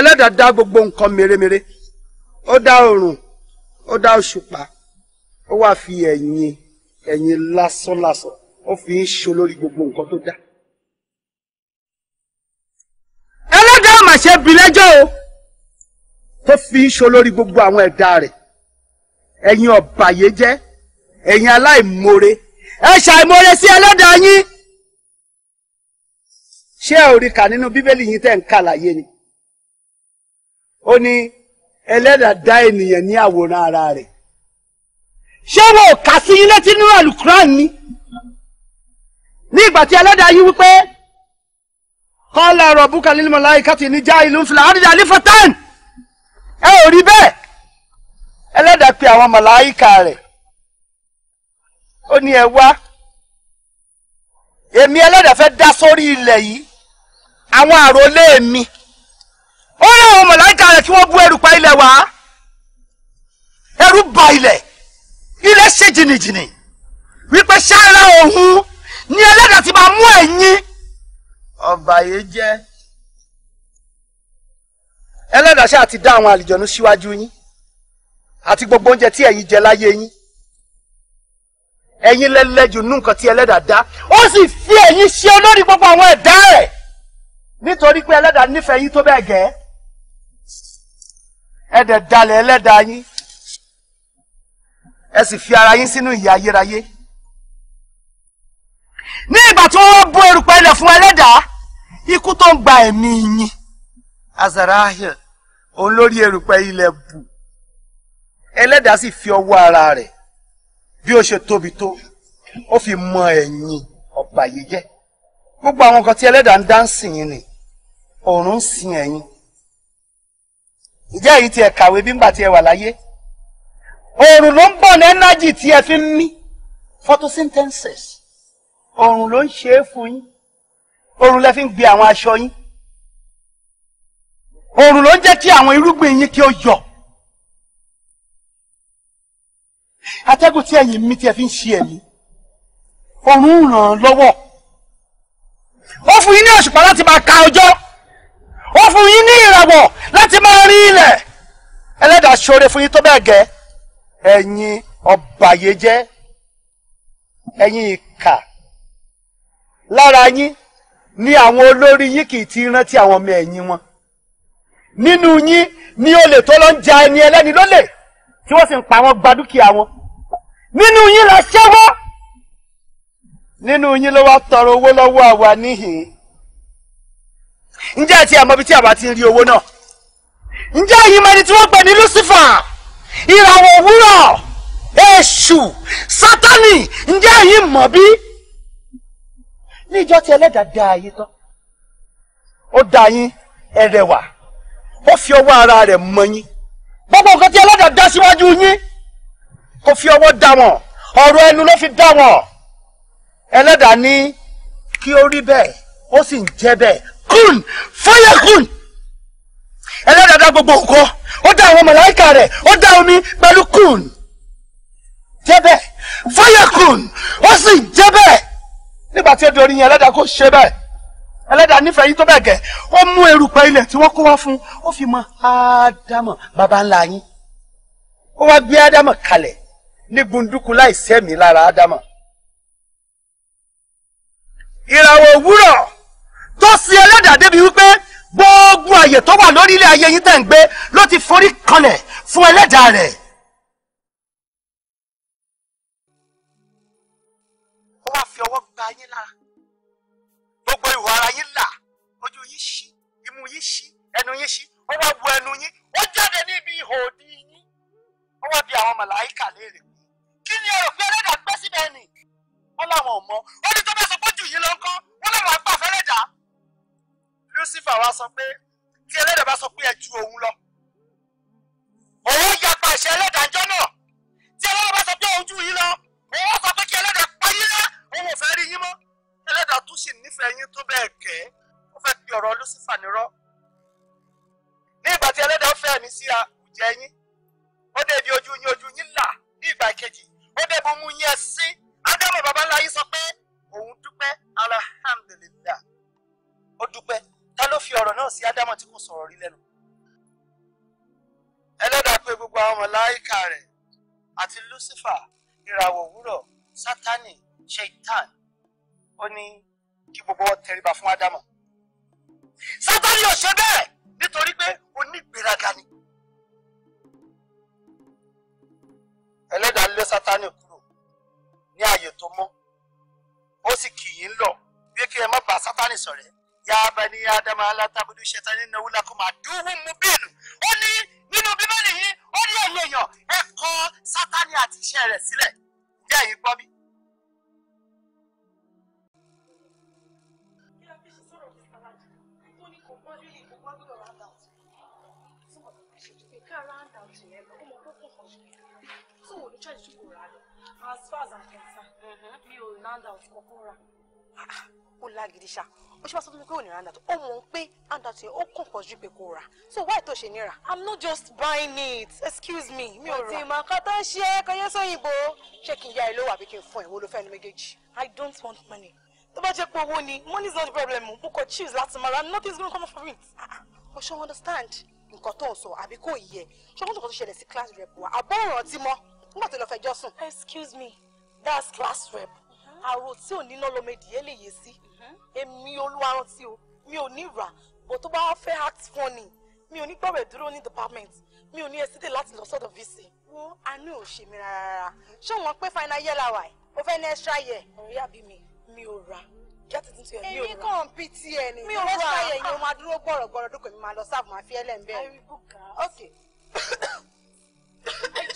ẹlẹ́dàá dá gbogbo nǹkan mèremère ó dá oorun, ó dá òṣùpá ó wá fi ẹ̀yìn ẹ̀yìn lásánlásán ó fi ń gbogbo nǹkan tó dá. ẹlẹ́dàá mà ṣe bi lẹ́jọ́ o tó fi ń gbogbo àwọn ẹ̀dá rẹ̀ ẹ̀yin ọba ẹ̀yin aláìmoore ẹ ṣàìmoore sí ẹlẹ́dàá yín ṣé ẹ ò rí kà nínú bíbélì yín tẹ̀ ń kà ni. ó ní ẹlẹ́dàá ènìyàn ní àwòrán ara rẹ̀ ṣé wọn kà sí yín tí nínú alukuran ni ní ìgbà tí ẹlẹ́dàá yí wípé kọ́lá ọ̀rọ̀ búkà nínú ti ní já ìlú ńfìlà àrídà ní fọ́tán ẹ ò rí bẹ́ẹ̀ ẹlẹ́dàá pe àwọn mọ̀láìkà rẹ̀ ó ní ẹ wá èmi ẹlẹ́dàá fẹ́ mi. ó ní àwọn mọ̀láìka rẹ̀ tí wọ́n bú ẹrù pa ilẹ̀ wá ẹrù ba ilẹ̀ ilẹ̀ ṣe jìnnìjìnnì wípé ṣáàrà òun ni ẹlẹ́dàá ti máa mú ẹ̀yìn ọba yìí jẹ́ ẹlẹ́dàá ṣáà ti dá àwọn àlìjọ̀nú síwájú yín àti gbogbo oúnjẹ tí ẹ̀yin jẹ láyé yín ẹ̀yin lẹ́lẹ́jù nú nǹkan tí ẹlẹ́dàá dá ó sì fi ẹ̀yin ṣe olórí gbogbo àwọn ẹ̀dá rẹ̀ nítorí pé ẹlẹ́dàá nífẹ̀ẹ́ yín tó bẹ́ẹ̀ gẹ́ẹ́ ẹ dẹ̀ dalẹ̀ ẹlẹ́dàá yín ẹ sì fi ara yín sínú ìyà ayérayé ní ìgbà tí wọ́n bó erùpẹ̀ ilẹ̀ fún ẹlẹ́dàá ikú tó ń gba ẹ̀mí yín azarahel òun lórí erùpẹ̀ ilẹ̀ bù ẹlẹ́dàá sì fi ọwọ́ ara rẹ̀ bí ó ṣe tóbi tó ó fi mọ ẹ̀yìn ọ̀bàyéjẹ́ gbogbo àwọn nǹkan tí ẹlẹ́dàá ń dá ń sìn yín ni ọ̀run ń sìn ẹ̀yìn ìjẹ́ èyí tí ẹ kàwé bí ńgbà tí ẹ wà láyé oòrùn ló ń bọ̀ ní ẹ́nájì tí ẹ fi ń mí photosynthesis oòrùn ló ń ṣe é fún yín oòrùn lẹ fi ń gbé àwọn aṣọ yín oòrùn ló ń jẹ́ kí àwọn irúgbìn yín kí ó yọ atẹ́gùn tí ẹ̀yìn mi tí ẹ fi ń ṣe ẹ̀mí oòrùn ràn án lọ́wọ́ ó fún yín ní òṣùpá láti máa ka ọjọ́. ó fún yín ní ìràwọ̀ láti máa rí ilẹ̀ ẹlẹ́dàá ṣoore fún yín tó bẹ́ẹ̀ gẹ́ ẹ̀yin jẹ́ ẹ̀yin ìkà lára yín ni àwọn olórí yín kì ti rántí àwọn ọmọ ẹ̀yìn wọn nínú yín ni olè tó lọ ń ẹni ẹlẹ́ni lólè tí wọ́n wọn gba dúkìá wọn nínú yín la ṣẹ́wọ́ nínú yín ló tọrọ owó lọ́wọ́ àwa níhìn ǹjẹ́ àti àmọ́bi tí àbá ti ń rí owó náà ǹjẹ́ ẹ̀yin mẹ́ni tí wọ́n pè ní Lucifer ìràwọ̀ òwúrọ̀ èṣù sátani ǹjẹ́ ẹ̀yin mọ̀ bí. ní ìjọ ẹlẹ́dàá da ayé tán ó da yín ẹrẹ̀wà ó fi ọwọ́ ara rẹ̀ mọ yín gbogbo nǹkan tí ẹlẹ́dàá dá síwájú yín kò fi ọwọ́ dá wọn ọ̀rọ̀ ẹnu ló fi dá wọn ẹlẹ́dàá ní kí ó rí bẹ́ẹ̀ ó sì ń jẹ́ bẹ́ẹ̀ kun fire ẹlẹ́dàá dá gbogbo nǹkan ó dá àwọn màláíkà rẹ̀ ó dá omi pẹ̀lú kun jẹ́ bẹ́ẹ̀ fayakun ó sì jẹ́ bẹ́ẹ̀ nígbà tí ebi orin yẹn ẹlẹ́dàá kò ṣe bẹ́ẹ̀ ẹlẹ́dàá nífẹ̀ẹ́ yín tó bẹ́ẹ̀ gẹ́ ó mú erùpẹ̀ ilẹ̀ tí wọ́n kó wá fún ó fi mọ ádámọ̀ baba ńlá yín ó wá gbé ádámọ̀ kalẹ̀ ní gbunduku láì sẹ́mi lára ádámọ̀ ìràwọ̀ òwúrọ̀ tó sin ẹlẹ́dàá débi wípé gbogbo àyè tó wà lórí ilé ayé yín tẹ̀ ń gbé ló ti forí kanlẹ̀ fún ẹlẹ́dàá rẹ̀. ó wá fi ọwọ́ gba yín lára gbogbo ihò ara yín là ojú yín ṣí imú yín ṣí ẹnu yín ṣí ó wá bu ẹnu yín ó jáde níbi ihò òdì yín ó wá bi àwọn màláìkà léèrè kí ni ọ̀rọ̀ pé ẹlẹ́dàá gbé síbẹ̀ nì wọ́n láwọn ò mọ̀ ó ní tó bá sọ pé jù yín lọ́kọ́ wọ́n láwọn àgbà fẹ́lẹ́dàá. Lucifer wá sọ pé tí ẹlẹ́dàá bá sọ pé ẹ ju òun lọ òun yapa àṣẹ ẹlẹ́dàá jọ náà tí ẹlẹ́dàá bá sọ pé òun ju yín lọ òun sọ pé kí ẹlẹ́dàá pa yín lá òun ò fẹ́ rí yín mọ́ ẹlẹ́dàá tún sì nífẹ̀ẹ́ yín tó bẹ́ẹ̀ gẹ́ ó fẹ́ fi ọ̀rọ̀ Lucifer nírọ́ ní ìgbà tí ẹlẹ́dàá fẹ́ mi sí àwùjẹ yín ó débi ojú yín ojú yín là ní ìgbà kejì ó débi mú yín ẹsìn ádámù babaláyé sọ pé òun dúpẹ́ alhamdulillah ó dúpẹ́ ta ló fi ọ̀rọ̀ náà sí ádámọ̀ tí kò sọ̀rọ̀ rí lẹ́nu ẹlẹ́dàá pé gbogbo àwọn màláíkà rẹ̀ àti lucifer ìràwọ̀ òwúrọ̀ sátani shaitan ó ní kí gbogbo wọn tẹríba fún ádámọ̀ sátani ò ṣe bẹ́ẹ̀ nítorí pé onígbéraga ni ẹlẹ́dàá lé sátani kúrò ní ààyè tó mọ́ ó sì kì í ń lọ bí kí ẹ má bá sátani ṣọ̀rẹ́ ya bani adama alátàbùdù ṣẹtani náwó làkùnmá àdúhùn mubin ó ní nínú bíbélì yìí ó ní ẹ̀yẹ èèyàn ẹ kọ̀ sátani àti iṣẹ́ rẹ̀ sílẹ̀ ní ẹ̀yìn gbọ́ mi. As far as I'm mhm. concerned, mi ò round out kọ̀ọ̀kan rà ó lágidi ṣá ó ṣe bá sọ fún mi pé ò ní handout ó mọ̀ pé handout yẹn ó kàn pọ̀ pé kò rà so why tó ṣe ní i'm not just buying it excuse me mi ò rà. òtí màá tó ń ṣe é sóyìnbó ṣé kí n yá ẹ lówó àbí kí n fún ẹ wo ló fẹ́ ẹni méjèèjì. i don't want money tó bá jẹ́ pé owó ni money is not the problem mo kò choose láti máa ra nothing is gonna come from it. Ah, ah. o ṣe understand nǹkan tó ń sọ àbí kò yẹ ṣọgbọ́n tó kọ́ tó ṣẹlẹ̀ sí class rep wa àbọ̀ ọ̀rọ̀ ti mọ́ nígbà tó lọ excuse me that's class rep àrò tí ò ní náà lọmọ ìdíyẹ lè yé sí mhm. èmi olúwa rántí o mi ò ní rà bó tó bá fẹ́ act funny mi ò ní gbọ́rọ̀ ìdúró ní department mi ò ní ẹsídè láti lọ sọ́dọ̀ vc. wo àánú ò ṣe mi rárá ṣé wọn pé final year la ẹ o fẹ́ ní extra year. ọ̀rẹ́ àbí mi mi ò ra get it into your mi ò ra èmi kàn pt ẹ ni mi ò ra extra year yìí o ah. máa dúró gbọ̀rọ̀gbọ̀rọ̀ dúkọ̀ mi máa lọ sáàbù máa fi ẹlẹ́ ń bẹ́ẹ̀. ok.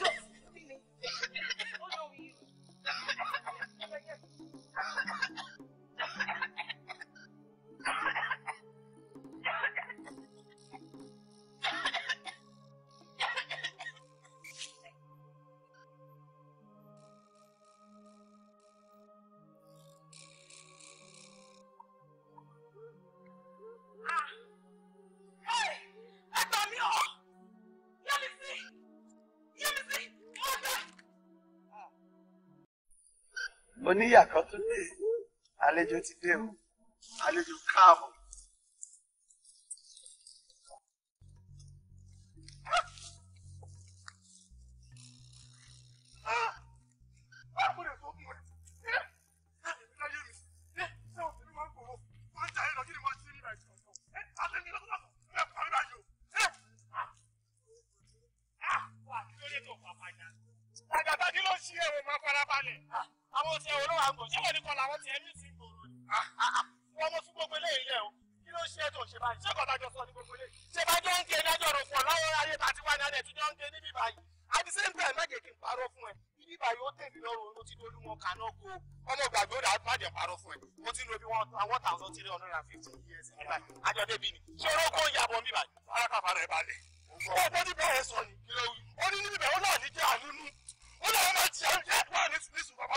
mo níyà kan tó dé àlejò ti dé o àlejò káàbọ̀. Ah, Àgbàdo kí ló ṣe é o àwọn tiẹ̀ olówó àgbò ṣé wọ́n ní kọ́ làwọn tiẹ̀ ní ti gbòòrò ni. Ah, ah, ah. mú fún gbogbo eléyìí lẹ̀ o kí ló ṣe tó ṣe báyìí ṣé kọ́ta sọ ní gbogbo eléyìí. ṣé bá jọ ń gé ẹjọ́ rò fún ọ láwọn ayé tàti wá ní alẹ́ tí jọ ń gé níbí báyìí. at the same kí n parọ́ fún ẹ ibi báyìí ó tẹ̀lé lọ́rùn ló ti lórí wọn kaná go ọmọ gbàgbé rà má parọ́ fún ẹ mo ti lo bí one one thousand three hundred and fifty years nígbà àjọ̀dé bí ni ṣé orókó ìyàbọ̀ mi báyìí. alákàfà rẹ̀ balẹ̀. ọ̀pọ̀ níbẹ̀ ẹ̀ sọ ni. ó ní níbẹ̀ ó náà ní jẹ́ àánú ó náà máa jẹ́ àánú jẹ́ àánú ní sùn bàbá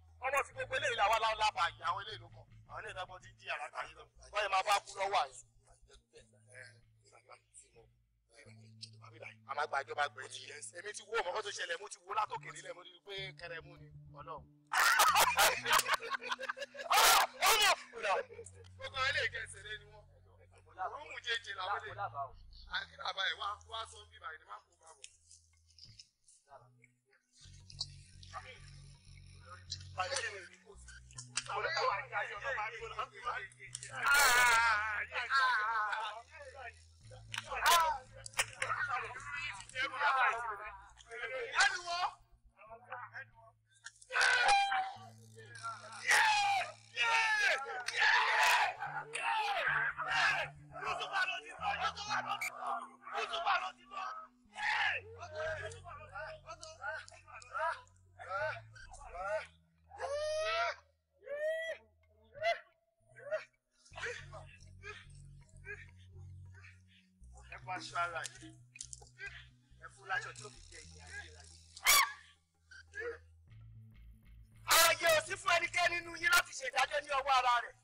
ọ̀nà tí gbogbo eléyìí làwọn aláwọ̀ láfa àyè àwọn eléyìí ló kọ̀ àwọn eléyìí lọ́gbọ́n ti di àràkà yìí lọ wọ́n yẹ máa bá kú lọ́wọ́ àyè. a máa gba àjọba gbẹ ti yẹn èmi ti wo ọmọ kan tó ṣẹlẹ̀ mo ti wo látòkè nílẹ̀ mo ti rí pé kẹrẹmú ni ọ̀nà. gbogbo eléyìí kẹsẹ̀ lé ni wọ́n rúùmù jẹjẹ làwọn eléyìí àkínà àbáyé wá sọ bíbá ìdí má kó bá bọ̀. Ah! má ṣọ́ ara yìí ẹ fún láṣọ tí ó fi jẹ ìyá ìlera yìí. ààyè ò sí fún ẹnikẹ́ni nínú yín láti ṣe ìdájọ́ ní ọwọ́ ara rẹ̀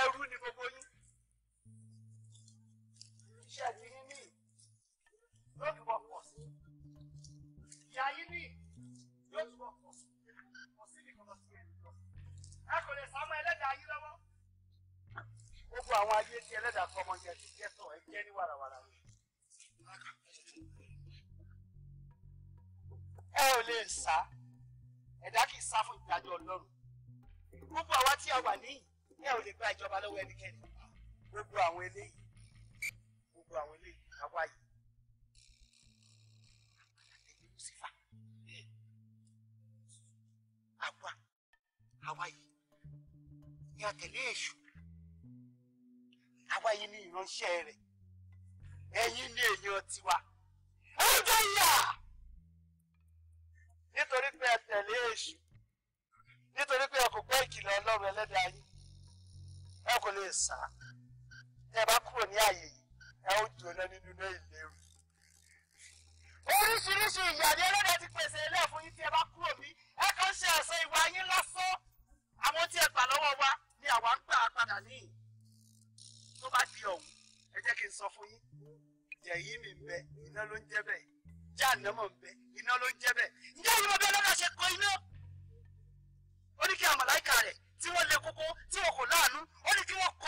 ẹrú ni gbogbo yín iṣẹ́ ti ní ní yóò túbọ̀ pọ̀ sí ìyá yín ní yóò túbọ̀ pọ̀ sí pọ̀ sí nìkan lọ sí ẹ̀yìn ẹ kò lè sá mọ́ ẹ gbogbo àwọn ayé tí ẹlẹ́dàá kọ́ ọmọ yẹn ti jẹ́ sọ ẹ jẹ́ ní wàràwàrà ni. ẹ ò lè sá ẹ̀dá kì í sá fún ìdájọ́ ọlọ́run gbogbo àwa tí a wà níyì ẹ ò lè gba ìjọba lọ́wọ́ ẹnikẹ́ni gbogbo àwọn eléyìí gbogbo àwọn eléyìí àwa yìí. àwa àwa yìí ni a tẹ̀lé èṣù àwa yìí ni ìránṣẹ́ rẹ̀ ẹ̀yin ni èèyàn tiwa ẹ jẹ́ yà nítorí pé ẹ tẹ̀lé èṣù nítorí pé ẹ kò gbọ́ ìkìlọ̀ ọlọ́run ẹlẹ́dàá yín ẹ kò lè sá ẹ bá kúrò ní àyè yìí ẹ ó jóná nínú iná ìléwu oríṣiríṣi ìyà ni ẹlẹ́dàá ti pèsè ilé ẹ̀fún yín tí ẹ bá kúrò bí ẹ kàn ṣe ẹ̀sẹ̀ ìwà yín lásán àwọn tí ẹ gbà lọ́wọ́ wa ni àwa ń gbà padà níyì tó bá di ọ̀hún ẹ jẹ́ kí n sọ fún yín yẹ̀yí mi ń bẹ iná ló ń jẹ́ bẹ́ẹ̀ já ànámọ̀ ń bẹ iná ló ń jẹ́ bẹ́ẹ̀ ǹjẹ́ ìwọ bẹ́ẹ̀ lọ́dà ṣe kọ iná ó ní kí àmàláìkà rẹ̀ tí wọ́n le kókó tí wọn kò láàánú ó wọ́n k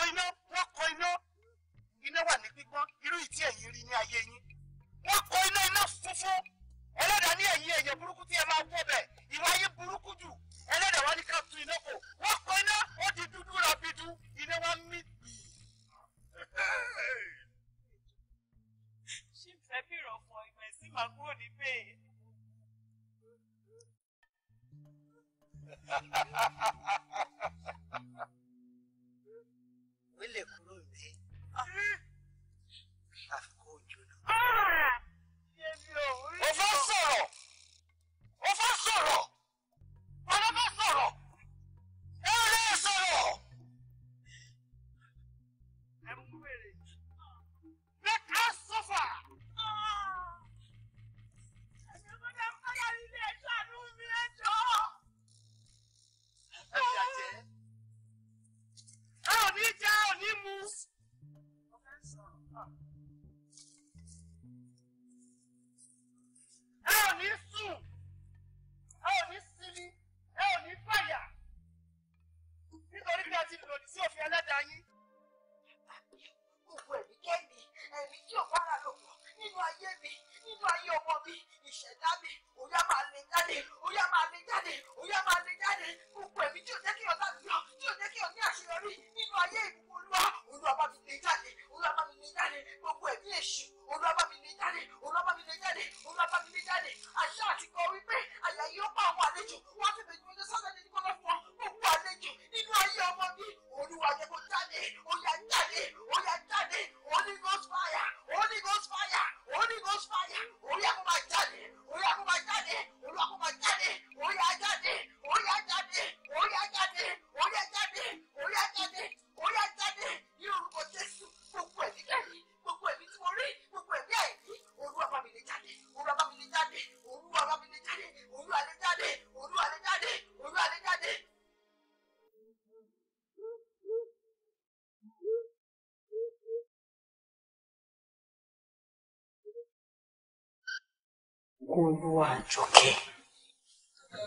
ọkọ olúwa àjọkẹ́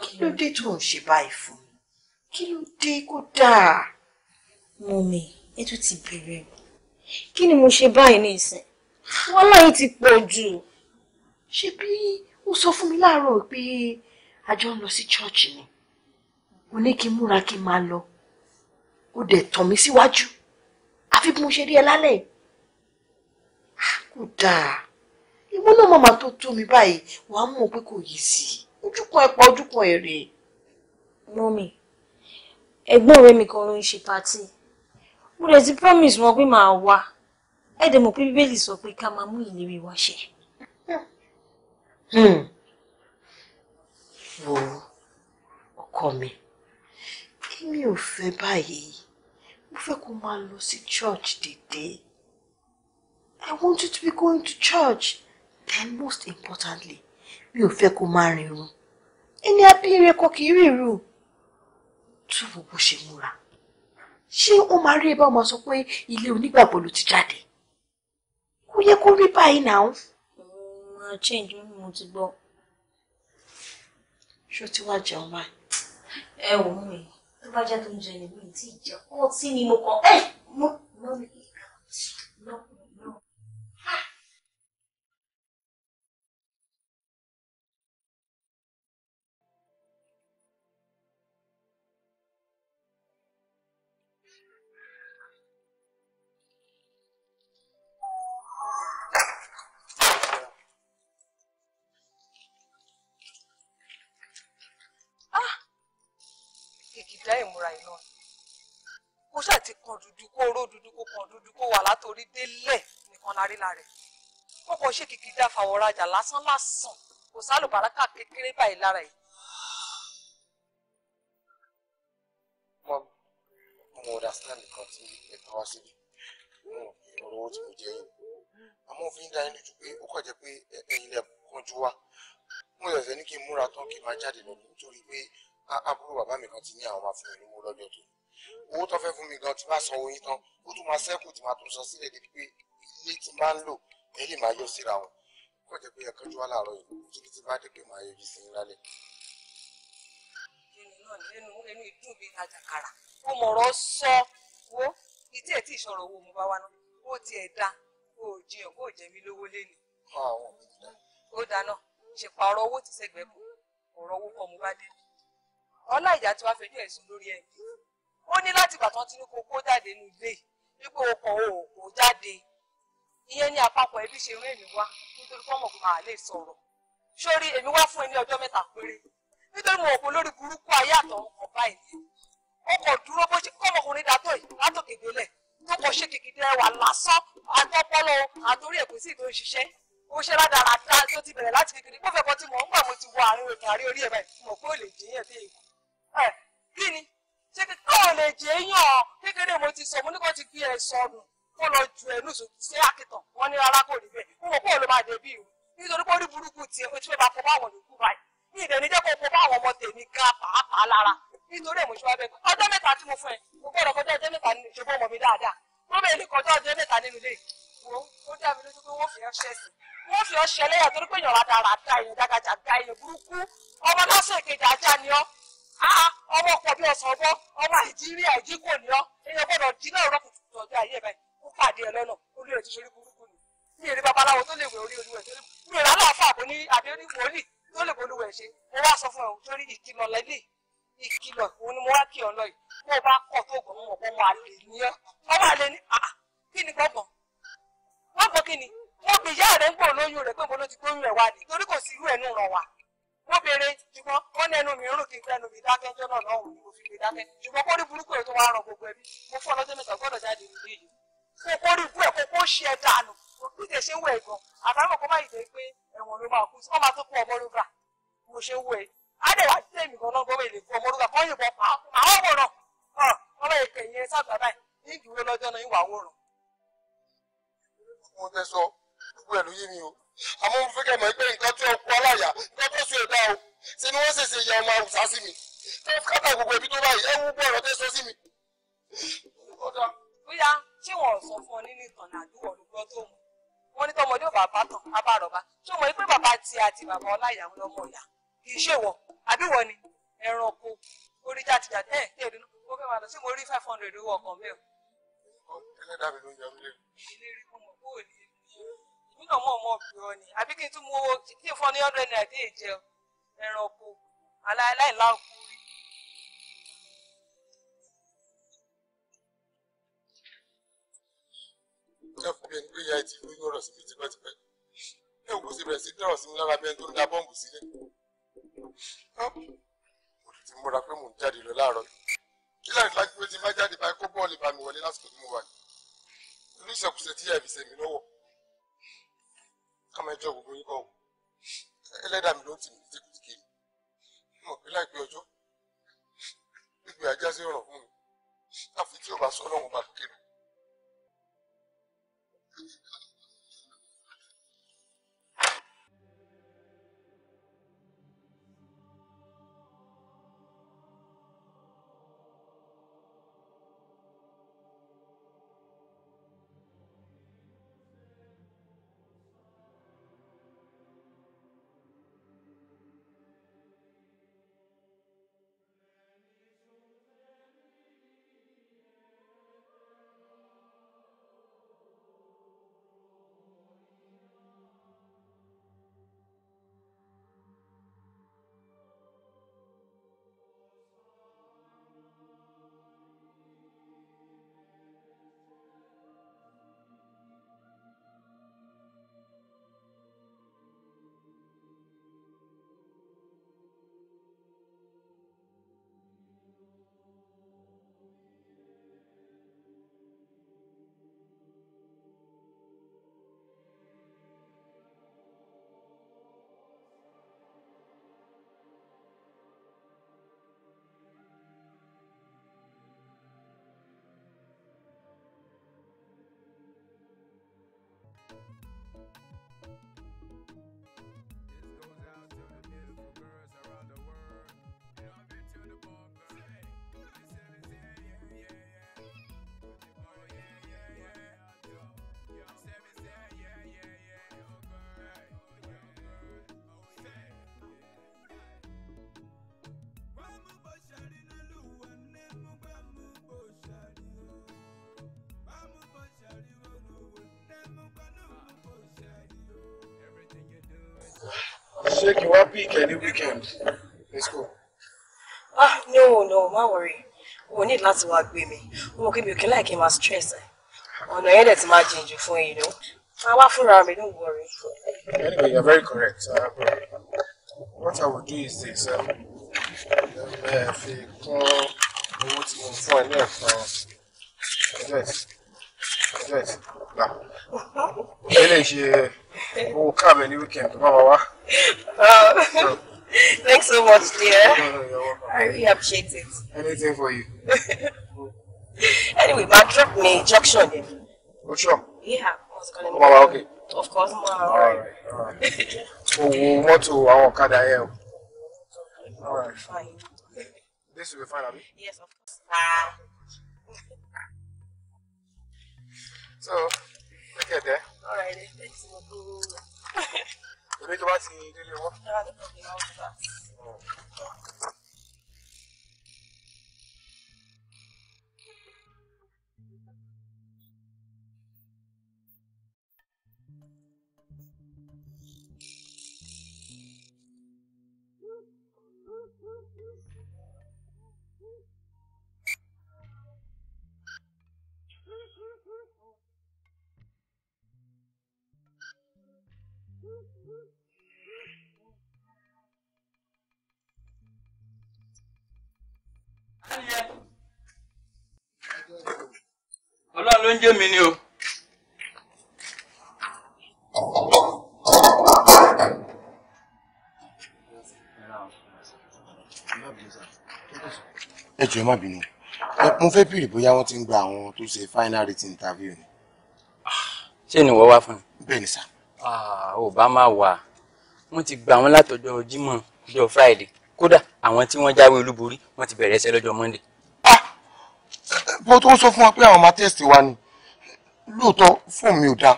kí ló dé tó ń ṣe báyìí fún mi kí ló dé kó dáa. mọ́mì ẹ tún ti bẹ̀rẹ̀ kí ni mo ṣe báyìí ní ìsìn wàhálà yìí ti pọ̀ jù. ṣé bí ó sọ fún mi láàárọ̀ pé a jọ ń lọ sí ṣọ́ọ̀ṣì ni mo ní kí n múra kí n máa lọ ó dẹ̀ tàn mí síwájú àfi bí mo ṣe rí ẹ lálẹ́ ah, kò dáa ìwọ náà màmá tó tó mi báyìí wàá mọ̀ pé kò yí sí i ojúkan ẹ̀pọ̀ ojúkan ẹ̀rẹ̀. mọ́mì ẹ̀gbọ́n ọ̀rẹ́ mi kan ló ń ṣe pàtì mo lè ti promise wọn pé màá wá ẹ dẹ̀ mọ̀ pé bíbélì sọ pé ká máa mú ìlérí wa ṣẹ. Hmm. wo ọkọ mi kí mi ò fẹ́ báyìí mo fẹ́ kó máa lọ sí church dédé. I want you to be going to church and most importantly mi ò fẹ́ kó máa rìn irun ẹni abíire kò kì í rí irú tún gbogbo ṣe múra ṣé ó máa rí ẹbá ọmọ sọ pé ilé onígbàgbọ́ ló ti jáde kò yẹ kó rí báyìí náà. mo mm, máa change mi mo ti gbọ́. ṣó ti wá jẹun báyìí. ẹ wò ó mi tó bá jẹ́ tó ń jẹ nìyí tí ì jẹ́ ọtí ni mo kọ ẹ mo mọ mi. ni délẹ̀ nìkan la rí la rẹ̀ wọn kò ṣe kìkì dá fàwọ̀rajà lásán lásán kò sálò bàrákà kékeré báyìí lára yìí. mo mo understand nǹkan tí ẹ tọ́ wá síbi ọ̀rọ̀ owó tí mo jẹ yìí àmọ́ òfin dá yín lójú pé ó kàn jẹ́ pé ẹ̀yin lẹ kánjú wá mo ṣẹ̀ṣẹ̀ ní kí n múra tán kí n máa jáde lọ nítorí pé àbúrò bàbá mi kan ti ní àwọn máa fún mi lọ́jọ́ tó ní owó tó fẹ́ fún mi gan tí bá san oyin tán ó tún máa ṣẹ́kù tí máa tún san sílẹ̀ débi pé ilé tí máa ń lò ẹ lè máa yọ síra wọn kó jẹ́ pé ẹ̀kan jù wá láàárọ̀ yìí títí tí bá dé pé máa yọjú sí i lálẹ́. ẹnu náà ẹnu ẹnu ìdún bíi àjàkàrà ó mọ̀rọ̀ sọ wo ìdí ẹ̀ tí ìṣòro owó mo bá wá náà ó tiẹ̀ da kó o jiyàn kó o jẹ mí lówó lé ni. ó dáná ṣèpà ọ̀rọ̀ owó ti sẹ́gbẹ̀ẹ́ kù ọ̀rọ̀ owó kọ́ mo bá dé. ọlá ìjà tí wàá fẹjọ́ ẹ̀sùn lórí ẹ̀ ó ní láti ìgbà tán tí ní kó kó jáde ní ilé wípé o kàn ò kó jáde ìyẹn ní àpapọ̀ ẹbí ṣe rán èmi wá nítorí pé ọmọkùnrin máa lè sọ̀rọ̀ sórí èmi wá fún ẹ ní ọjọ́ mẹ́ta péré nítorí mo òkú lórí burúkú ayé àtọ̀run kan báyìí ó kàn dúró bó ṣe kọ́mọkùnrin dàtọ̀ yìí látòkè délẹ̀ tó kàn ṣe kìkìdí ẹwà lásán àtọ́pọ́lọ́ àtòrí èkúsí tó ń ṣiṣẹ́ ó ṣe ládàra tó ti bẹ̀rẹ̀ láti kékeré kó fẹ́ kọ́ tí mò ń gbà mo ti wọ àárín òkè àárín orí ẹ̀ báyìí mo kó lè dín ẹ̀ dé ìwọ̀ ẹ̀ kí ni ṣé kíkọ́ lè jẹ́ yàn kékeré mo ti sọ mo ní kó ti gbé ẹ sọnù kó lọ ju ẹnu sókè sí àkìtàn wọn ní rárá kò rí bẹ́ẹ̀ mo mọ̀ kó ló máa débí o nítorí pé ó rí burúkú tiẹ̀ o ti fẹ́ máa kó bá àwọn yòókù báyìí ní ìdẹ̀ni jẹ́ kó kó bá àwọn ọmọ tèmi gan pàápàá lára nítorí èmo ìṣúra bẹ́ẹ̀ ọjọ́ mẹ́ta tí mo fún ẹ mo gbọ́dọ̀ kọjá ọjọ́ mẹ́ta nínú ìṣòro ọmọ mi dáadáa mo bẹ̀rẹ̀ ní kọjá ọjọ́ mẹ́ta nínú ilé wo ó dá mi lójú pé wọ́n fi ọṣẹ sí wọ́n fi ọṣẹ lẹ́yà torí pé èèyàn rádaràda èèyàn jàgàjàgà èèyàn burúkú ọmọ lásìkò ìdájà ni ọ́ ọmọ ah, ọkọ bí ọsàn ọgbọ ọmọ nàìjíríà ìdí kò ní ọ èèyàn gbọ́dọ̀ dín náà rọpò tó ọjọ́ ayé ẹ báyìí kó pàdé ẹ lọ́nà orí rẹ ti ṣe orí burúkú ni mi èrè babaláwo tó lè wẹ orí olúwẹ tó lè mi èrè aláàfọ àbò ní adéorí wòlíì tó lè bolúwẹ ṣe mo wá sọ fún ẹ torí ìkìlọ̀ lẹlẹ ìkìlọ̀ òun ni mo wá kí ọ lọ yìí bó bá kọ tó gbọ mọ ọmọ àlè ni ọ ọmọ àlè ni ah, kí ni gbọgbọ wọn gbọ kí ni wọn gbìyà rẹ ń gbọ lóyún rẹ pé mo ló ti gbóyún ẹ wá ni torí kò sí irú ẹ nù ràn wá mo ṣùgbọ́n wọ́n ní ẹnu mi rùn kí n ẹnu mi dákẹ́ ẹjọ́ náà lọ́wọ́ ni mo fi gbé dákẹ́ ṣùgbọ́n kó rí burúkú ẹ̀ tó wá ràn gbogbo ẹbí mo fún ọlọ́jọ́ mẹ́ta gbọ́dọ̀ jáde nílé yìí kó kó rí ẹ̀ kó kó ṣe ẹ̀ dànù bí tẹ̀ ṣe wẹ̀ pé ẹ̀wọ̀n ló máa kú sí àmọ́ mo fẹ́ kẹ́ mọ̀ pé nǹkan tí ọkọ aláya nǹkan tó sùn ẹ̀dá o ṣe ni wọ́n ṣèṣe ìyá ọmọ àwùsá sí mi kátà gbogbo ẹbí tó báyìí ẹ wúgbọ́ ọ̀rọ̀ tẹ́ sọ sí mi. bóyá ṣé wọn ò sọ fún ọ nínú ìtàn àdúgbò olùgbọ́ tó mu wọn ní tọmọdé ò bàbá tán abárọba tó mọ pé bàbá ti àti bàbá ọláyà ń lọmọ ìyá kì í ṣèwọ àbíwọ ni ẹranko orí jáde-jáde ẹ ẹ dùnú ó fẹ́ máa lọ sí mo rí five hundred owó ọkàn bẹ́ẹ̀. ẹlẹ́dàá mi ló ń yọ mí ìlérí mo mọ̀ kó o ní mí náà mọ̀ mọ̀ bí ọ ni àbí kí n tún mú owó kí n fọ́ ní hundred naira dé ìjẹ ẹran oko aláìláìlá òkú rí. ẹ fún mi ní pé ìyá ẹ ti lóyún ọ̀rọ̀ sí mi tipẹ́tipẹ́ ní òkú sí bẹ̀rẹ̀ sí sí mi lára bí ẹni tó ń da bọ́ǹbù sílẹ̀ mo ti múra pé mò ń jáde lọ láàárọ̀ kí láti lájú pé ti má jáde báyìí kó bọ́ọ̀lù bá mi wọlé lásìkò tí mo wà ní ìṣẹ̀kùsẹ̀ tí ìyá ọmọ ẹjọ́ gbogbo yín kọ́ ọ ẹlẹ́dàá mi ló ń tì mí tìkìtìkì ni mo pé láìpẹ́ ọjọ́ gbígbé ajá sí ọ̀ràn fún mi àfi tí ó bá sọ ọlọ́run bá kékeré ṣé you happy? pick any weekend let's go. ah no no don't worry We need lots of work mi o mọ̀ pé mi ò kí láì kí stress ẹ̀ ọ̀nà yẹn dẹ̀ ti máa jìnjù fún yìí ló máa wá fúnra mi don't worry. anyway you're very correct uh, what i will do is this um, ẹ fi kún owó tí mo fún ẹ ní ẹ̀fọn ọjọ́ ẹ̀sìn ọjọ́ ẹ̀sìn gbà Uh, thanks so much, dear. I really appreciate it. Anything for you. anyway, my trip me junction. What's wrong? Yeah, I was gonna. Oh, okay. Of course, ma. Alright. right, all right. oh, mọ́tò àwọn ọ̀kadà yẹn o. All Fine. This will be fine, abi? Yes, of course. Ah. so, look at that. All right, thanks. èmi tó bá ti délé wọn. ló ń jẹ́ mi ni o. ẹ jọ̀ọ́ má bínú mo fẹ́ bèrè bóyá wọ́n ti ń gba àwọn tó ṣe final rating interview ni. ṣé ni wọ́n wá fún mi. bẹ́ẹ̀ ni sà. Ah, ò bá má wà wọ́n ti gba àwọn látọjọ́ Jímọ̀ ọjọ́ Friday kódà àwọn tí wọ́n jáwé olúborí wọ́n ti bẹ̀rẹ̀ ẹsẹ̀ lọ́jọ́ Monday mo tó ń sọ fún wa pé àwọn máa test wa ni lóòótọ́ fóònù mi ò dáa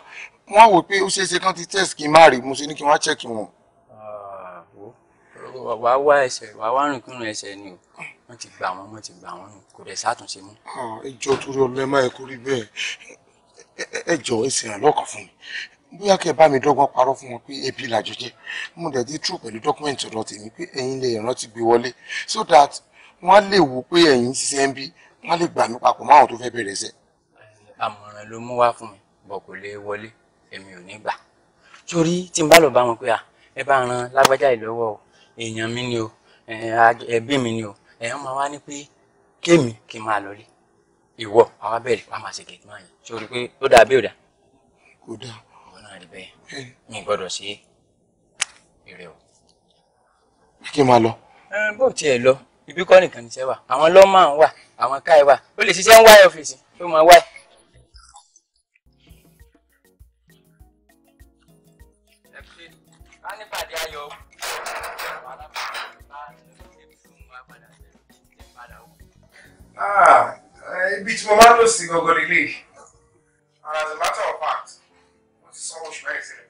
wọ́n á wò pé ó ṣeé ṣe kán ti test kí n má rí mo ṣe ní kí wọ́n á check wọn. Ah, wàá wá ẹsẹ̀ wàá wá rìnkúrìn ẹsẹ̀ ni o wọ́n ti gbà wọ́n wọ́n ti gbà wọ́n kò dẹ̀ sátúnṣe mú. ẹjọ́ ah, torí ọlẹ́ máa kú rí bẹ́ẹ̀ ẹjọ́ ẹsẹ̀ àlọ́kàn fún mi bóyá kẹ́ bá mi dọ́gbọ́n parọ́ fún wọn pé ebi làjọ jẹ́ mo dẹ̀ ti tú pẹ̀lú dọ́kúmẹ̀ntì ọ̀dọ̀ tèmi pé ẹ̀yin lè rántí gbé wọlé so that wọ́n á lè wò pé ẹ̀yin ṣiṣẹ́ ń bí wọ́n lè gbà mí papọ̀ máwọn tó fẹ́ bẹ̀rẹ̀ iṣẹ́. àmọ̀ràn ló mú wá fún mi bọ̀ kò lè wọlé èmi ò ní gbà sórí tí n bá lọ bá wọn pé à ẹ bá ran lágbájá ìlọ́wọ́ o èèyàn mi ni o ẹbí mi ni o ẹ̀yàn máa wá ní pé kémi kí n máa lọlé ìwọ àwa bẹ̀rẹ̀ wá máa ṣe kẹ̀kẹ́ máa yẹn sórí pé ó dáa bí ò dáa. kò dáa. ọ̀rọ̀ náà rí bẹ́ẹ̀ mi gbọ́dọ̀ ṣe é ire o. kí n máa lọ. bó tiẹ̀ lọ ibi kọ́ nìkan níṣẹ́ wà àwọn lọ́mọ àwọn wà àwọn káì wà ó lè ṣiṣẹ́ ń wáyé ọ́fíìsì ó máa wáyé. nípàdé ah, eh, ibi tí mo máa ń lò sí gọgọdì lè as a matter of fact mo ti sanwó oṣù mẹ́rin sílẹ̀.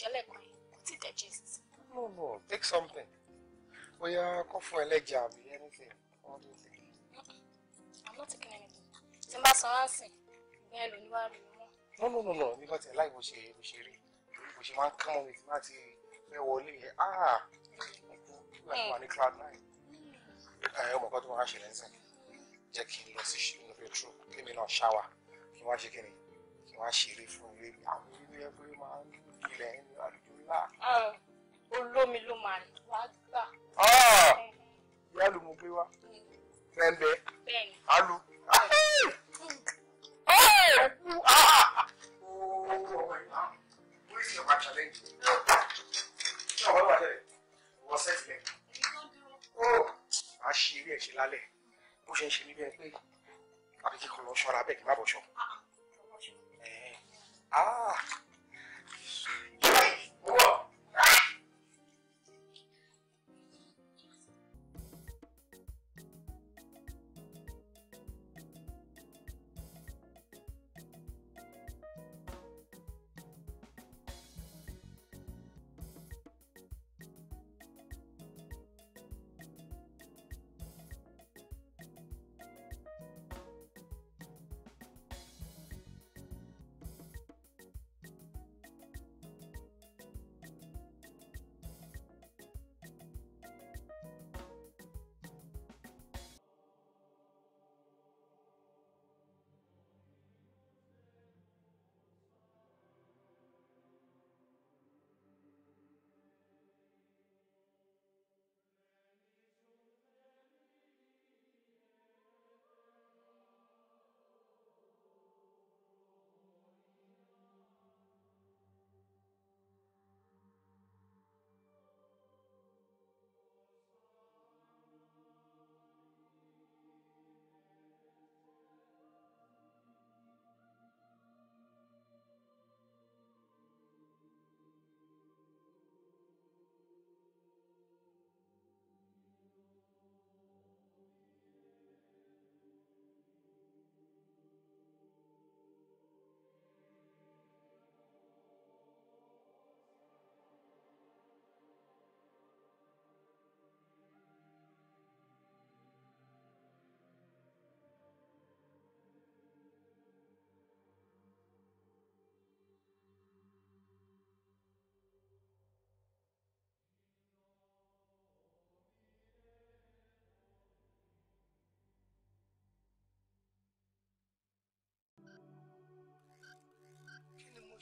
jẹ lẹ́ẹ̀kan yìí kò tí digest. no no take something We are kó for a leg àbí anything what do you think. i'm not taking anything tí n bá san no no no no You got a life, bó ṣe bó ṣe rí bó ṣe máa ń kán mọ́ mi tí má ah nígbà tí cloud nine I ọmọ kan tó máa ń ṣẹlẹ̀ ńsẹ̀ jẹ́ kí n lọ sí inú petrol kémi náà ṣáwà kí wọ́n you? kí ni kí wọ́n ṣeré fún eré àwọn eré ẹgbẹ́ máa ilẹ̀ inú àlùjọ́lá. olómi ló máa wá gbà. Ah, ìyá ló mo gbé wá mm. fẹ́ńbẹ́ alu. Máa ṣe eré ẹ̀ṣẹ̀ lálẹ́ bó ṣe ń ṣe níbẹ̀ pé àbíkí kan lọ ṣọ́ra bẹ́ẹ̀ kí n má bọ̀ ṣọ́.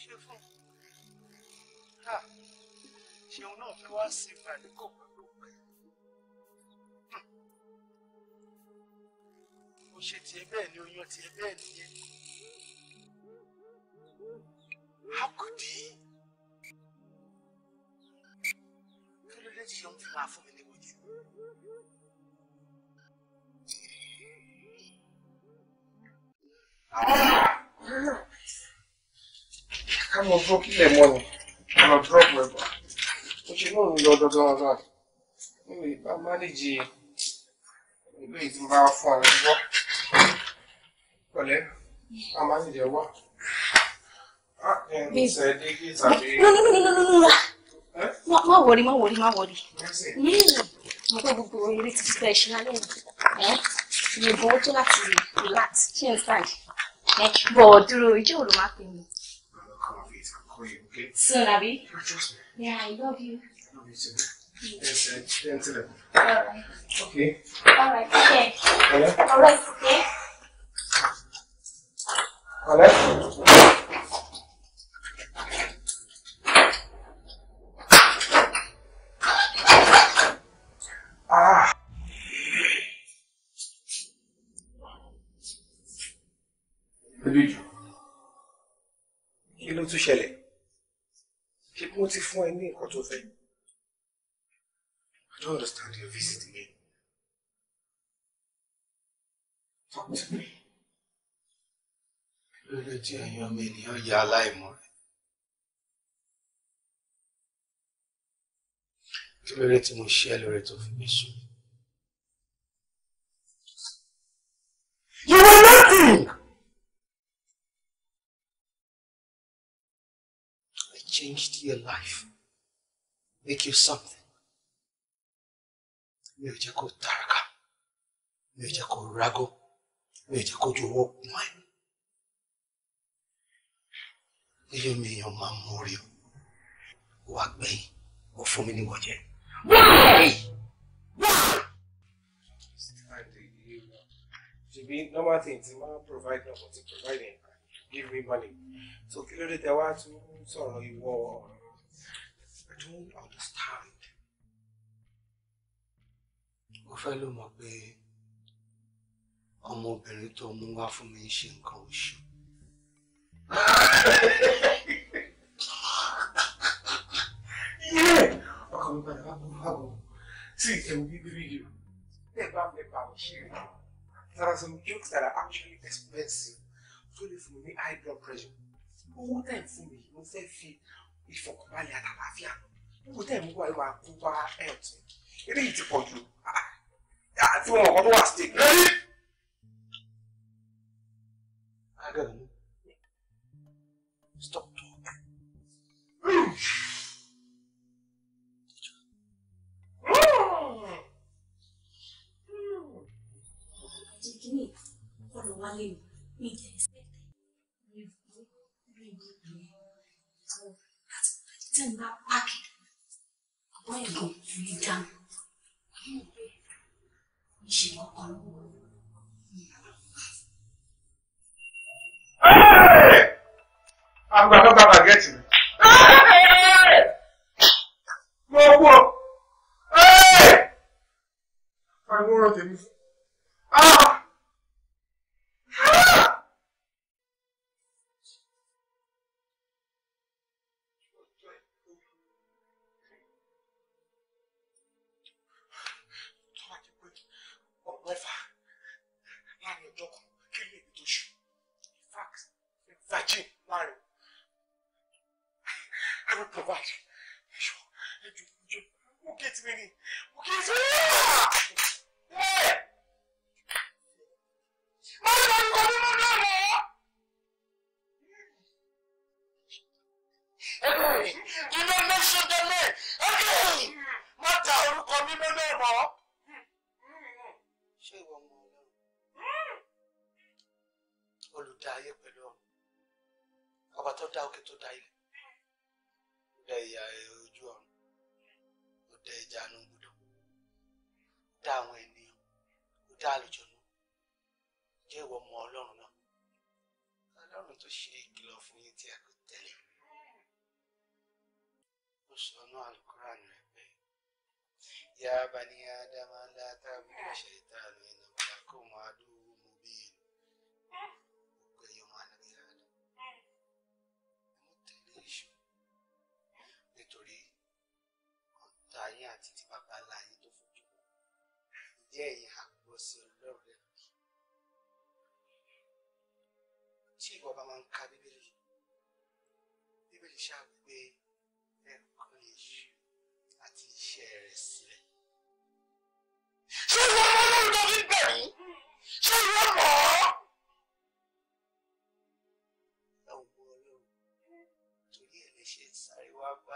ṣe fún ṣeun náà fẹ́ wá sí ìpàdé kò pẹ̀lú pẹ̀ ó ṣe tiẹ̀ bẹ́ẹ̀ ni oyan tiẹ̀ bẹ́ẹ̀ nìyẹn akudi kí ló dé tí ṣeun fi máa fún mi ní ojú. Oh! ká lọ dúró kílẹ̀ mọ́ ni ká lọ dúró pọ̀ ẹ̀bọ̀ ó ṣe náà ń lọ dandan dandan mo lè bá mánéjì ìlú yìí tí mo bá fún àwọn ẹgbọ́ pẹ̀lẹ́ bá mánéjì ẹwọ́ no no no no no no no má wọrí má wọrí má wọrí mo gbọ́ gbogbo eré ti fẹ́ ṣe lálẹ́ ẹ̀ ìyẹ̀bùn ó tó láti relax ṣe ń sáì ẹ̀ bọ̀ dúró ìjẹ́ òòlù má pè mí. Okay. Son, Abby. You trust me. Yeah, I love you. love you too. Yes, yes, yes. tell them. All right. Okay. All right. Okay. Hello. All right. Okay. Hello. Ah. Baby, kí ló tún ṣẹlẹ̀? fún ẹ ní nǹkan tó I don't understand your visit again. Talk to me. Lórí ojú ẹ̀yin ọmọ ènìyàn ya aláìmọ̀ rẹ̀. Kí lóore tí mo ṣe ẹ́ lóore tó fi You are nothing! I changed your life make you something mi ò jẹ́ kó tàràkà mi ò jẹ́ kó rágó mi ò jẹ́ kó ju owó kún ẹ̀ nílé mi èèyàn máa ń mórí o wà gbẹ̀yìn o fún mi níwọ̀jẹ́. ṣèbí normal thing ti máa provide náà mo ti provide it give me money so kí ló dé tẹ wá tún sọ̀rọ̀ ìwọ ọ̀rọ̀. I don't understand. Mo fẹ́ ló mọ̀ pé ọmọbìnrin tó mú wá fún mi ṣe nǹkan oṣù. Ọkọ mi padà wá bó wá sí ìjẹun bíbí fídíò. Ilé ìgbà fẹ́ ṣe rí. There are some jokes that are actually expensive. Tó lè fún mi ní high blood pressure. Owó tẹ̀ fún mi, mo fẹ́ fi ìfọkànbalẹ̀ àtàlàáfíà gbogbo tẹ́ ẹ̀ mú wá ìwà kú wá health eléyìí ti pọ̀ jù àti wọn ọ̀kan tó wà stake. Agẹ̀rẹ̀ mi, stop talking. tí n bá páàkì àwọn èèyàn kò ní dáhùn àwọn òbí ìṣèlú ọkàn ló wọ. mi. Mo kú ọ. Àwọn ọ̀rọ̀ tèmi fún. بني آدم لا تعبدوا الشيطان إنه لكم عدو مبين وكل يوم على بني آدم mo tẹ̀lé iṣu nítorí ọ̀tá yín àti ti bàbá láyé tó fojú wọn ǹjẹ́ ẹ̀yin àgbọ̀ sí ọlọ́run lẹ́nu tí ìwọ bá máa ń ka bíbélì bíbélì ṣáà wípé.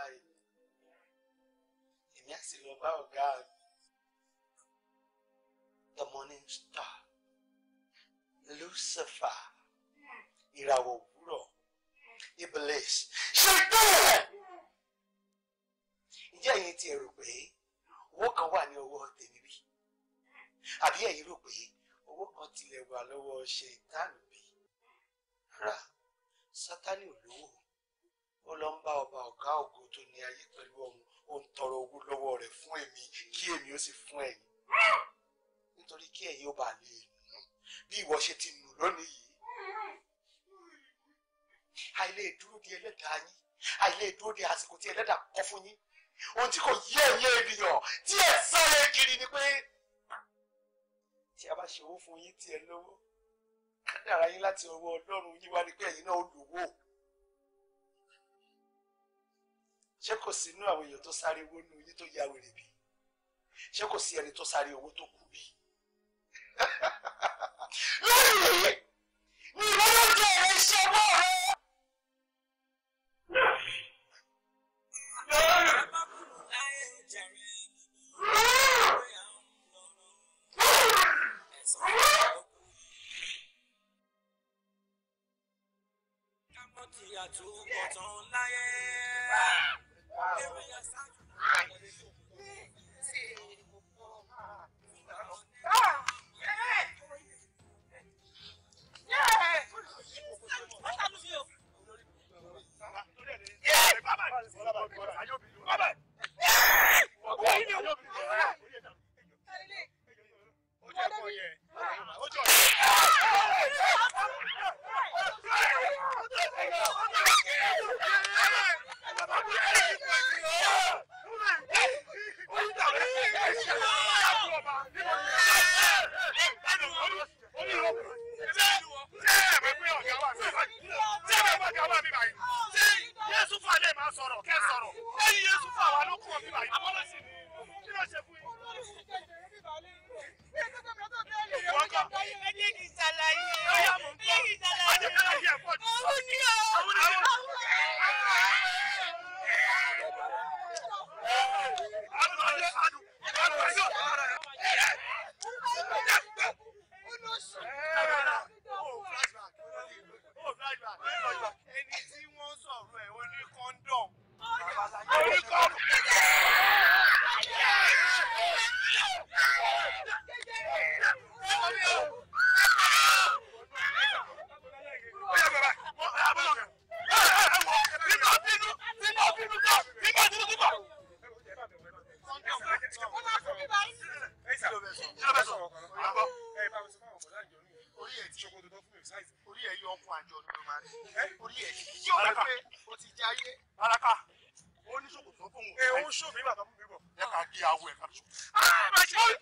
báyìí èmi á sì lọ bá ọ̀gá mi the morning star Lucifer ìràwọ̀ òwúrọ̀ Iblis ṣètìlẹ̀ ǹjẹ́ ẹ̀yin ti rò pé owó kan wà ní ọwọ́ tèmi bí àbí ẹ̀yin rò pé owó kan tilẹ̀ wà lọ́wọ́ ṣètàn bí rà sátánì olówó ó lọ ń bá ọba ọ̀gá ògo tó ní ayé pẹ̀lú ọ̀hún ó ń tọrọ owó lọ́wọ́ rẹ̀ fún èmi kí èmi ó sì fún ẹ̀yin nítorí kí ẹ̀yin ó bà lè nù bí ìwọ ṣe ti nù lónìí yìí àìlè dúró de ẹlẹ́dàá yín àìlè dúró de àsìkò tí ẹlẹ́dàá kọ fún yín ohun tí kò yé ẹ̀yin ènìyàn tí ẹ̀ sáré kiri ni pé tí a bá ṣe owó fún yín tí ẹ lówó kádàrá yín láti ọwọ́ ọlọ́run yín wá ni pé ẹ̀yin náà ó lówó. ṣé kò sí inú àwọn èèyàn tó sáré owó nù yín tó ya wèrè bí ṣé kò sí ẹni tó sáré owó tó kù bí. lórí ni ìwọ ló jẹ èrè rẹ. Ìyàtọ̀ Yeah. ṣàlàyé. Ó yà mọ̀ ń tọ́. Ó ní ọ̀. Ẹ orí ẹ̀ yóò wá pé o ti jẹ ayé. baraka ó ní ṣòkòtò fún un. ẹ ó ṣòmí bàbá mú mi bọ̀. ẹ kà á kí awọ ah, ẹ kà á ṣòkòtò.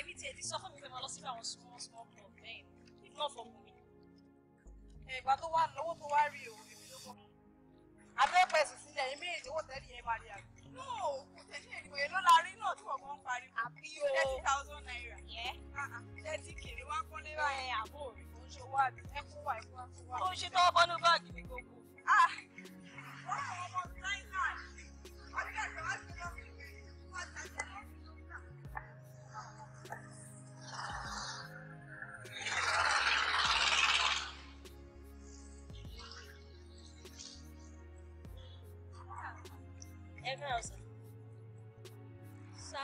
èmi tiẹ̀ ti sọ fún mi pé mo lọ sí àwọn small small club bẹ́ẹ̀ if not for money. ẹ̀gbà tó wà lówó tó wá rí o èmi ló kọ́. abẹ́pẹ́ sì sílẹ̀ èmi èdè owó Não, yẹn máa rí àgbẹ̀. no kò tẹ̀lé èdè èlò la rí náà tí wọ́n kàn ń parí. àbí o thirty thousand naira. yẹ ah, ah, thirty kìlì wá kún o báyẹn àbó rẹ̀ kò ń ṣe owó àbí ẹkún wà ẹkún wà fún wa. ah Sá.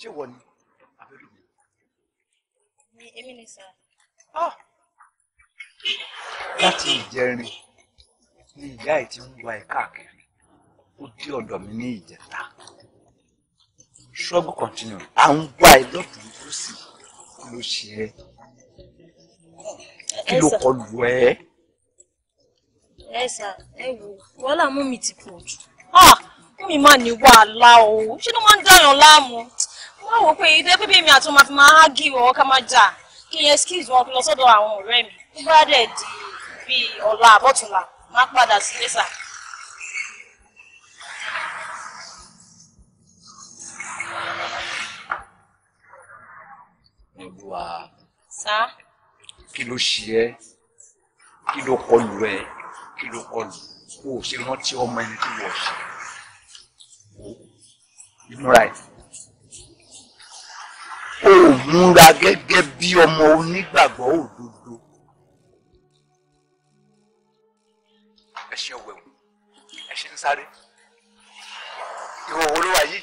Ṣé wọ ni? Abẹ́rù mi. Mi èmi ni sà. Ah! Láti ìjẹrin ni ìyá ẹ̀ ti ń wa ẹ̀ káàkiri. Ó dé ọ̀dọ̀ mi ní ìjẹta. Struggle continue. À ń wá ẹ lọ́dún tó sì ló ṣe ẹ́. Kí ló kọlù ẹ́? ẹ sà ẹ wò wàhálà mú mi ti pọ̀ jù kí ah, mi má ní wàhálà o ṣé ló máa ń dàyàn láàmú wọ́n wò pé ìdẹ́ pé bèmi àti ọmọ fi máa hági wọ̀ ká máa jà kí n excuse wọn lọ sọ́dọ̀ àwọn ọ̀rẹ́ mi bí bá dẹ̀ di bíi ọ̀la àbọ̀túnla máa padà sílé sà. olúwa. sá. kí ló ṣe ẹ́ kí ló kọlù ẹ́ kí ló kọlù kó o ṣe rántí ọmọ ẹni tó wọ̀ ṣe wò ẹ̀ o ò múra gẹ́gẹ́ bí ọmọ onígbàgbọ́ òdodo ẹ ṣe wẹ̀wù ẹ ṣe ń sáré ìhòòhò ló wà yìí.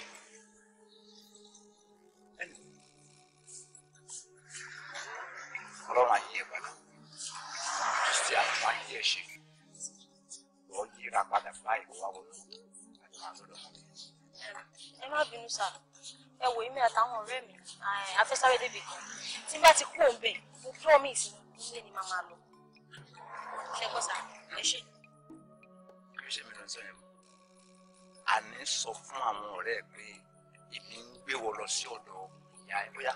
má bínú sá ẹ wò mí àtàwọn ọ̀rẹ́ mi afẹ́sáré débi kan tí bá ti kú òǹbẹ mo promise ilé ni màá máa lọ ṣẹgbọ́n sá ẹ ṣe. kì í ṣe mi lọ sọ àní sọ fún àwọn ọ̀rẹ́ pé èmi ń gbé wọ lọ sí ọ̀dọ̀ ìyá ẹ̀ bóyá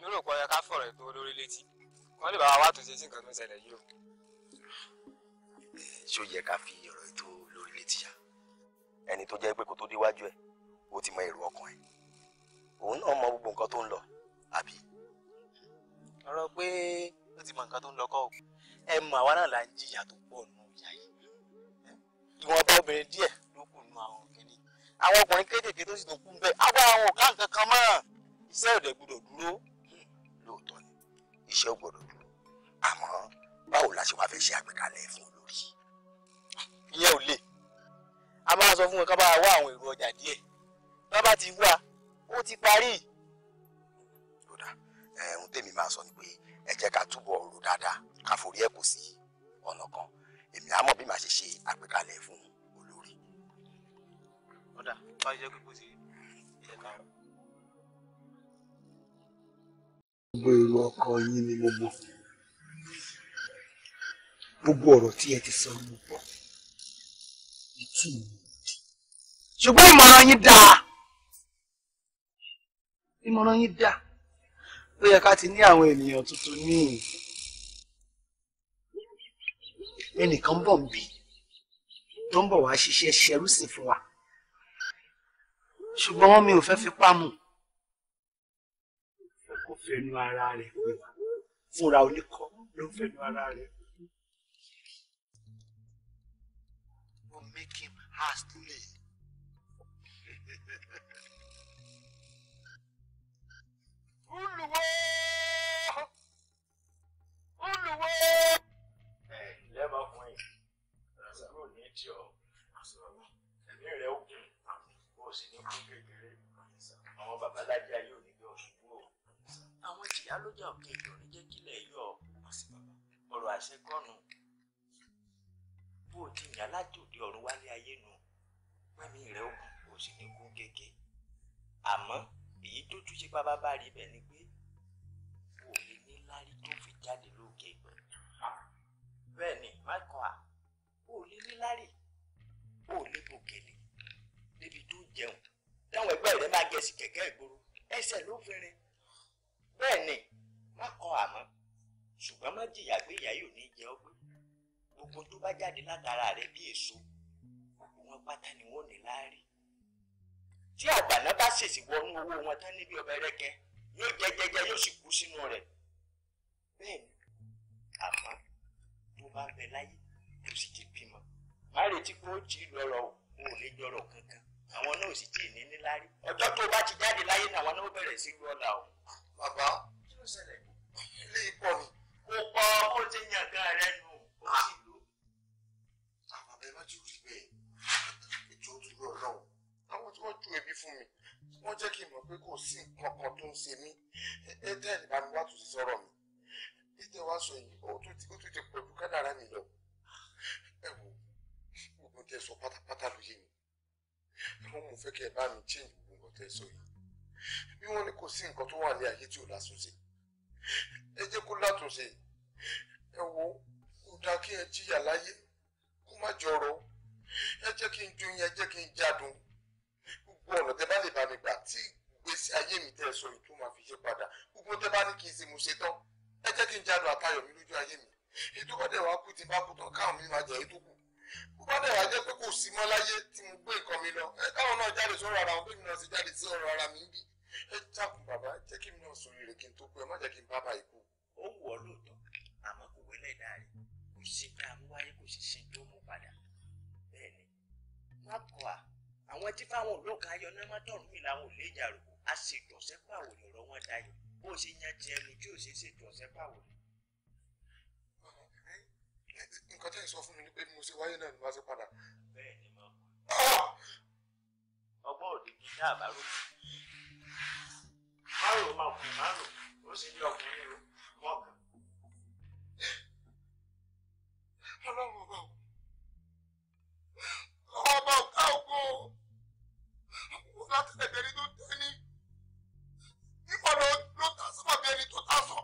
èmi rò pé ó yẹ ká fọ̀rọ̀ ìpè olórí létí wọ́n lè bá wa wá tó ṣe sí nǹkan tó ń ṣẹlẹ̀ yìí o. ṣé ó yẹ ká fi ọ̀rọ̀ ètò olórí létí ya ẹni tó jẹ́ pé kó tó déwájú ẹ̀ ó ti mọ èrò ọkàn ẹ̀ òun náà mọ gbogbo nǹkan tó ń lọ àbí. ọ̀rọ̀ pé ó ti mọ nǹkan tó ń lọ kọ́ ẹ mọ àwa náà là ń jìyà tó pọ̀ nù ìyá yìí ìwọ̀nba obìnrin díẹ̀ ló kù nù àwọn òkèlè àwọn ọkùnrin kéékèèké tó sì tún kú ń bẹ àwọn àwọn ọ̀gá nǹkan kan mọ́ iṣẹ́ òdẹ dúró lóòótọ́ ni iṣẹ́ ò gbọ́dọ̀ dúró àmọ́ báwo la ṣe wá fẹ́ ṣe àgbékalẹ̀ fún olórí. ìyẹn ò lè a máa sọ fún wọn ká bá wá àwọn èrò ọjà díẹ̀ bá bá ti wá ó ti parí. lódà ohun tèmi máa sọ ni pé ẹ jẹ́ ká túbọ̀ rò dáadáa ká forí ẹ̀ kò sí ọ̀nà kan èmi àmọ́ bí màá ṣe ṣe àgbékalẹ̀ fún olórí. ọ̀dà báyìí jẹ́ pé kò sí ẹ̀ka. ẹnu ọkọ yín ni mo mọ̀ gbogbo ọ̀rọ̀ tí ẹ ti sọ mo gbọ́ ìtì mi yín dáa ìmọ̀ràn yín dáa ó yẹ ká ti ní àwọn ènìyàn tuntun níyìn ẹnìkan bọ̀ ń bí tó ń bọ̀ wá ṣiṣẹ́ ṣẹrú sí fún wa ṣùgbọ́n mi ò fẹ́ fi pa fẹnu ara rẹ̀ pé wá fúnra oníkọ ló ń fẹnu ara rẹ̀. will make him hastily. Olúwo! Olúwo! Ẹ ǹlẹ́ ọmọkùnrin, Rasaro ní tí ọ, ẹ̀mí rẹ̀ ó gùn, kò sì ní kú kékeré, àwọn babalájẹ ìyá ló jà òkè ètò ní jẹ́ kílẹ̀ yọ ọ̀pọ̀ sí bàbá ọ̀rọ̀ àṣẹ gọ́nù bó ti yàn látòdì ọ̀run wálé ayé nu pẹ́mi rẹ̀ ogun kò sì ní kún gègé àmọ́ èyí tó tún ṣe pápá bá rí bẹ̀ ni pé kò lè ní lárí tó fi jáde lókè ìgbẹ́ bẹ́ẹ̀ ni mákan à kò lè ní lárí kò lè bòkèlè níbi tó jẹun táwọn ẹgbẹ́ rẹ̀ máa jẹ sí kẹ̀kẹ́ ìgboro ẹsẹ̀ ló fẹ́rẹ̀ bẹ́ẹ̀ ni má kọ àmọ́ ṣùgbọ́n má jìyà gbé yóò ní jẹ ọgbẹ́ gbogbo tó bá jáde látara rẹ bí èso gbogbo wọn pátá ni wọn ò ní láàrin tí àgbàná bá ṣèṣì wọnú owó wọn tán níbi ọbẹ̀ rẹ́gẹ yóò jẹ jẹjẹ yóò sì kú sínú rẹ̀ bẹ́ẹ̀ ni àmọ́ tó bá bẹ láyé tó sì ti bímọ má retí pé ó ò ní jọrọ̀ ti jáde bàbá kí ló ṣẹlẹ̀ ilé ipò mi. kò pa ọmọ tí ń yàgá rẹ nù ó ah. sì lò. àwọn abẹ ah, má ti rí bẹ́ẹ̀ ètò òtúrú Ọlọ́run àwọn tí wọ́n ju ẹbí fún mi wọ́n jẹ́ kí n mọ̀ pé kò sí nǹkan kan tó ń ṣe mí ẹ tẹ ẹ bá mi wá tún sí sọ̀rọ̀ mi títẹ wá sọ yìí ó tún ti pọ̀ ju kádàrá mi lọ ẹ wò gbogbo tẹ sọ pátápátá ló mi wọ́n mú fẹ́ kẹ́ ẹ bá mi change gbogbo tẹ sọ yìí bí wọ́n ní kò sí nǹkan tó wà ní ayé tí ò lásùnṣe ẹ jẹ́ kó látúnṣe ẹ wo kò dáa kí ẹ jìyà láyé kó má jọrọ ẹ jẹ́ kí n dun yẹn ẹ jẹ́ kí n jádùn gbogbo ọ̀nà tẹ bá lè bá mi gbà tí ìgbésí ayé mi tẹ́ ẹ sọ yìí tó máa fi yé padà gbogbo tẹ bá ní kí n ṣe mo ṣe tán ẹ jẹ́ kí n jádùn àtayọ̀ mi lójú ayé mi ètò bá dẹ̀ wá kú tí n bá kú tán káwọn mi máa jẹ ètò kù bó bá dẹ̀ wá jẹ́ pé kò sí mọ́ láyé tí mo gbé nǹkan mi lọ káwọn náà jáde sọ̀rọ̀ ara wọn pé mi náà ṣe jáde sí ọ̀rọ̀ ara mi ń bí ẹ dákun bàbá jẹ́ kí mi náà sórí rẹ̀ kí n tó kú ẹ má jẹ́ kí n bá bá ikú. ó wù ọ́ lóòótọ́ àmọ́ kò wẹ́lẹ̀ dáa rẹ̀ kò sí pé àwọn wáyé kò sì sin tó mú padà bẹ́ẹ̀ ni má kọ́ à àwọn tí fáwọn olóòkà ayọ̀nà má tọ̀rùn mi làwọn ò lè jàrò a ṣètò ọ̀sẹ́ pàwọ̀ ni ọ̀rọ̀ wọn dayọ̀ bó o ṣe yan ti ẹnu tí o ṣe ṣètò ọ̀sẹ́ pàwọ̀ ni. nǹkan tẹ́ ẹ̀ sọ fún mi ni pé mo ṣe wáyé náà ni wá sí padà. bẹ́ẹ̀ ni mo ah! ọgbọ́n òdìdí ní àbárò má rò má kùn má rò ó sì di ọkùnrin o wọ́n kàn. ọlọ́run ọba o ọba ọ̀gá ògbó o látẹ̀lẹ̀ bẹ̀rẹ̀ tó tẹ́ ní ìfọ̀nà ló ta sábàbí ẹni tó ta sọ.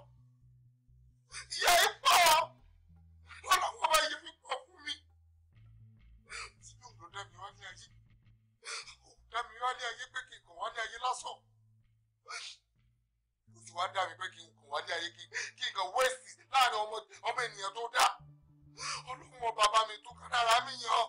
wá dà mí pé kí n kùn wálé ayé kí n kàn wẹ́ẹ̀sì láàrin ọmọ ènìyàn tó dà ọlọ́run ọba mi tún kádàrá mi yàn.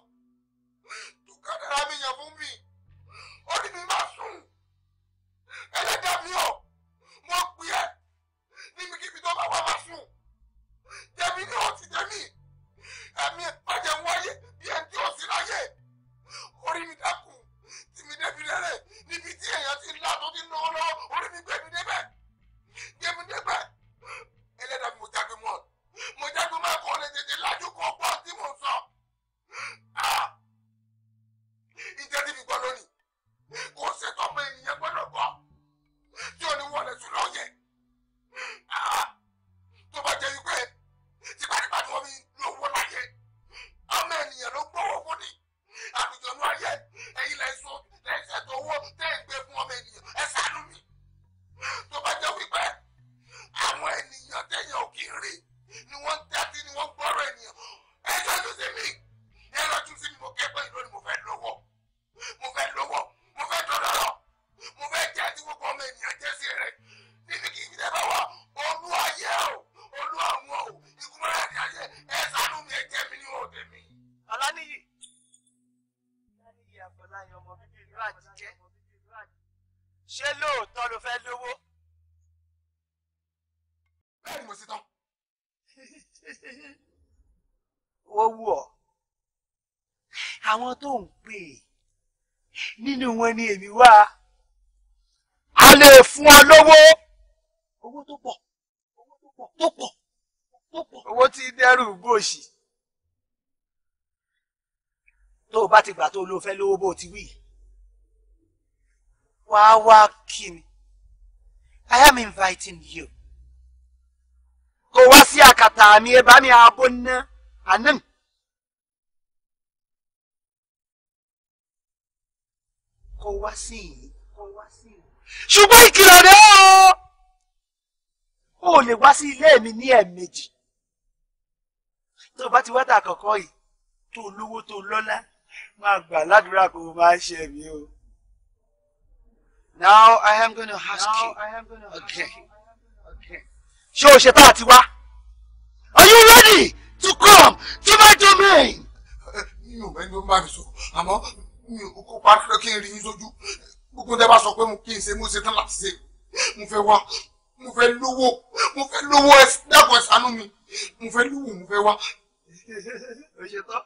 wọn ni èmi wá a lè fún ọ lówó owó tó pọ̀ owó tó pọ̀ tó pọ̀ tó pọ̀ owó tí dẹ́rù gbòòsì tó o bá ti gbà tó o lo fẹ́ lówó bó o ti wí wá wá kí I am inviting you kò wá sí àkàtà mi ẹ bá mi àbọ̀ ná àná. ṣùgbọ́n ìkìlọ̀ rẹ̀ o lè wá sí ilé mi ní ẹ̀ẹ̀mejì tó bá ti wá tà yìí tó lówó tó lọ́lá máa gbà ládùúrà kó máa ṣe mí o. Now I am going to ask you. again. am going to okay. Ṣé o ṣe tá a ti wá? Are you ready to come to my domain? Mi ò mẹ́ni ló ń bá sọ, àmọ́ mi ò kókó pa fẹ́ kí n rí yín sójú gbogbo tẹ́ bá sọ pé mo kí n ṣe mo ṣe tán láti ṣe mo fẹ́ wá mo fẹ́ lówó mo fẹ́ lówó ẹ dákun ẹ ṣàánú mi mo fẹ́ lówó mo fẹ́ wá. o ṣe tán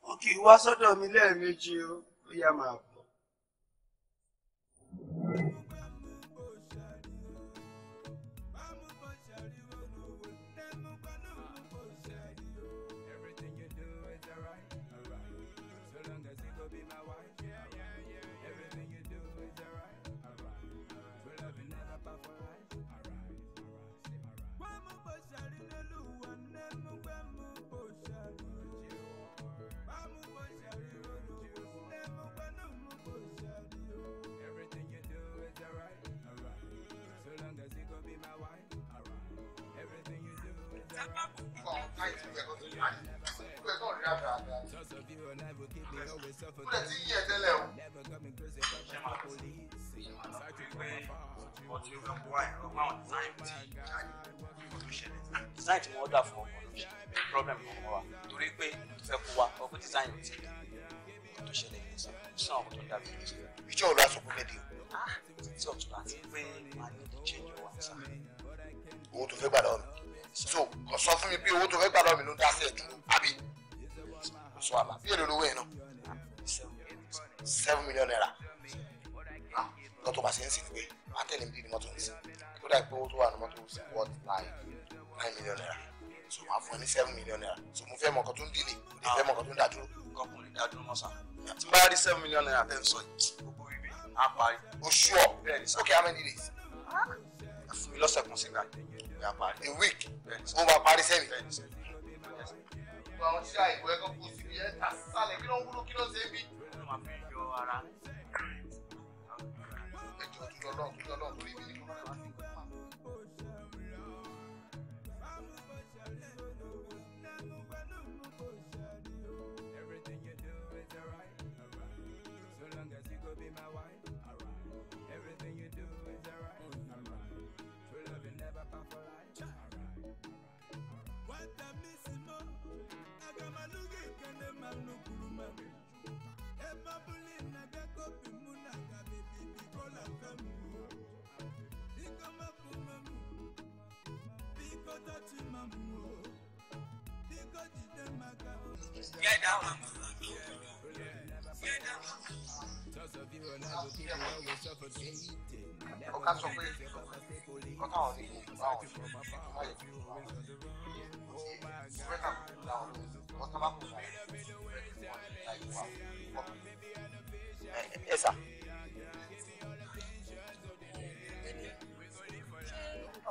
o kì í wá sọ́dọ̀ mi lẹ́ẹ̀mejì o ó yá máa bọ̀. dáadáa. ó lè design ti jáde kó tó ọmọ ló ṣe problem kan wà torí pé fẹ́ kó wa ọkọ̀ design ò ti kó tó ṣẹlẹ̀ ní sọ sàn ọkọ̀ tó ń dàbí ìlú. ìjọ òru aṣọ kò di o. tí ọ̀tún láti pé máa ní change your answer. owó tó fẹ́ gbàdọ̀ mi so kò sọ fún mi pé owó tó fẹ́ gbàdọ̀ mi ló dá sí ẹ̀ dúró so àlà bí èlò lówó yẹn náà seven million naira ah, lọ́tọ̀ bá ṣe ń sìn pé àtẹ̀lé mi ní mọ́tò ń sìn kó dà pé owó tó wà ní mọ́tò like 9 láì nine million naira so máa fún ẹ ní seven million naira so mo fẹ́ mọ̀ nǹkan tó ń dìlé mo dé fẹ́ mọ̀ nǹkan tó ń dàdúró. kọ́kùn lè dàdúró mọ́ sàn. tí bá million naira tẹ́ ń sọ yìí gbogbo ibi á o sure bẹ́ẹ̀ni okay how many days. Ah? mi lọ́sẹ̀ kan sí gbà. a a week. ó máa parí sẹ́yìn gbogbo àwọn tí àìkú ẹ̀kọ́ kó síbi ẹ̀ ta sálẹ̀ kí ló ń wúlò kí ló ń ṣe é bí. ẹjọ́ tó lọ́ọ̀ kí lọ́ọ̀ lórí mi ní kọ́ńtà wá sí. Get down, Get down. ó ká sọ pé nǹkan táwọn rí ní ìlú báwọn ṣe wáyé tó wà bẹ́tà kò dá wọn wọ́n tó bá kò sọ ẹ sà.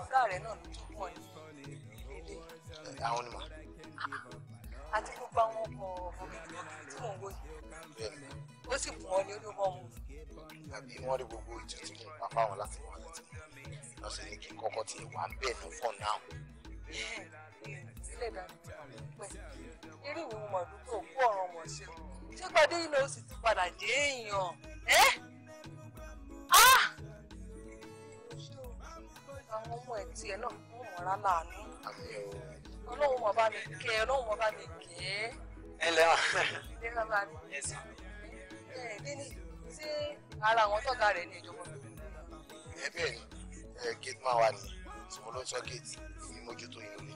ọ̀gá rẹ̀ náà ló tún pọ̀ yìí àwọn onímọ̀. àti gbogbo àwọn ọkọ̀ bọ̀gìdìbọ̀gìdì tí mò ń wòye. ó sì bù wọn ní olúmọ mu. àbí wọ́n rí gbogbo ìtútù mú pápá wọn láti wọ́n láti wọ́n lọ sí ní kí kọ́kọ́ ti wà bẹ́ẹ̀ ní fọ́ọ̀n náà. sílẹ̀ dáná pẹ̀ irú ìwé mọ̀dúkọ̀ òkú ọ̀ràn wọ̀ ṣe ṣé gbadé yìí lóò sì ti padà jẹ́ èèyàn ah àwọn ọmọ ẹ̀ tiẹ̀ náà wọ́n mọ̀ra láàánú ọlọ́run mọ̀ bá mi kẹ́ ọlọ́run mọ̀ bá mi kẹ́. ẹ lẹ́ wà. ẹ lẹ́ bá mi. ẹ sàn. ẹ dídí sí ara àwọn tọ́ka rẹ̀ ní ìjọba. ẹ bẹ́ẹ̀ ẹ gate man wà ní sọmọlọ sọkẹtì ní mójútó yìí lórí.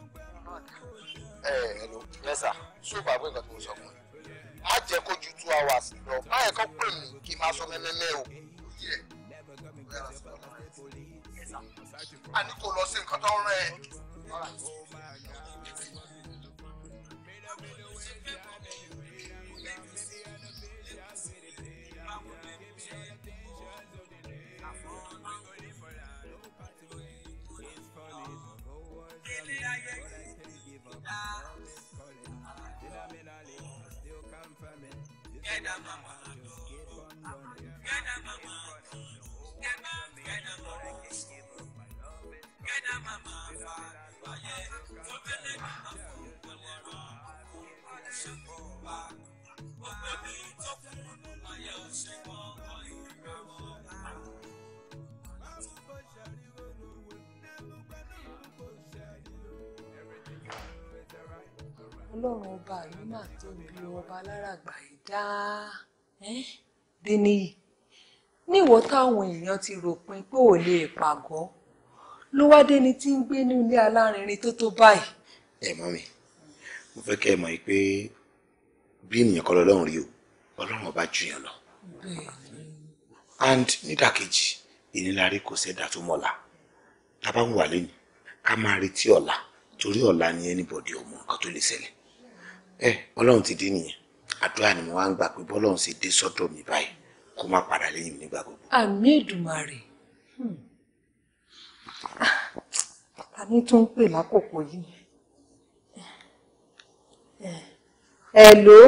ẹ ẹ lọ. lẹ́sà. sóòpù àbúrò nǹkan tó ń sọ fún mi má jẹ́ kó ju two hours lọ má yẹ kó pè mí kí n máa sọ mẹ́mẹ́mẹ́ o. a ní kò lọ sí nǹkan tó ń rẹ̀ ọlọ́run ọba yìí mà tóbi lọ ọba aláràgbà yìí dá dénìyí níwọ̀ táwọn èèyàn ti ròpin pé ò lè pàgọ́ ló wá déni tí ń gbé ní ilé alárinrin tó tó báyìí. ẹ mọ mi mo fẹ́ kẹ́ ẹ mọ̀ pé bí ènìyàn kọ́ lọ́lọ́run rí o ọlọ́run ọba ju yẹn lọ. and nídàkejì ìnilárí kò ṣẹ̀dá tó mọ̀la tá a bá ń wà lẹ́yìn ká máa retí ọ̀la torí ọ̀la ni anybody ọmọ nǹkan tó lè ṣẹlẹ̀ ẹ eh, ọlọ́run ti dé nìyẹn àdúrà ni mo wá ń gbà pé bọ́lọ́run ṣe dé sọ́dọ̀ mi báyìí kó má padà lẹ́yìn mi nígbà gbogbo. àmì èdùmàrè hmm. ah, ta ni tó ń pè lákòókò yìí ẹ eh, ló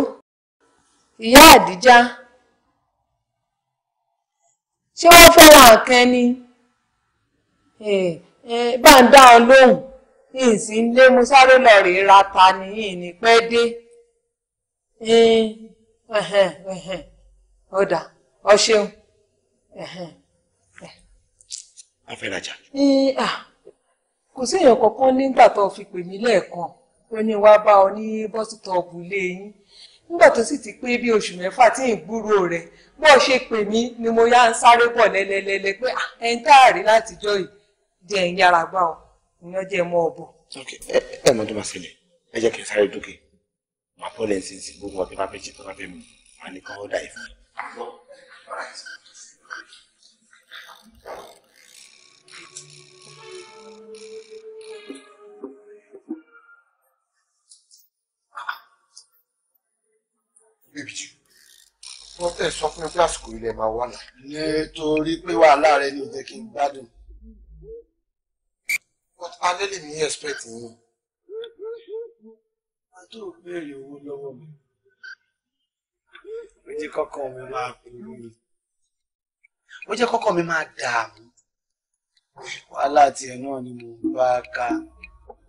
ìyá àdíjá ṣé wọ́n fẹ́ ra eh, bá ń dá ọ lóhùn. ìsì ilé mo sáré lọ rè ra ta nìyí pẹ́ dé ọ ṣeun. afẹ́rajà. kò séèyàn kankan nígbà tó fi pè mí lẹ́ẹ̀kan ní wá bá ọ ní bọ́sítọ̀ọ̀bù lé yín nígbà ti pé bí oṣù mẹ́fà tí ì gbúrò rẹ̀ ṣe pè mí ni mo yá ń sáré bọ̀ lẹ́lẹ́lẹ́lẹ́ pé ẹ̀ ń táàrí látijọ́ yìí ọ. ni ọjọ́ ẹ mọ́ ọ̀bọ̀. ẹ mọ tó máa ṣẹlẹ̀ ẹ jẹ́ kí n sáré dókè màá fọ́ lẹ́yìn sínsìn gbogbo ọ̀tí máa fẹ́ jẹ tó máa fẹ́ mu màá ní kọ́ ọ́ dà ìfún. bíbí jù wọ́n tẹ̀ sọ fún mi pé àsìkò ilẹ̀ máa wà náà. nítorí pé wàhálà rẹ ni ò kí n gbádùn but alẹ́ lè ní expect yín. àtò béèrè owó lọ́wọ́ mi ó jẹ́ kọ́kọ́ mi máa pinnu mi ó jẹ́ kọ́kọ́ mi máa dààmú wàhálà tiẹ̀ náà ni mo bá a ka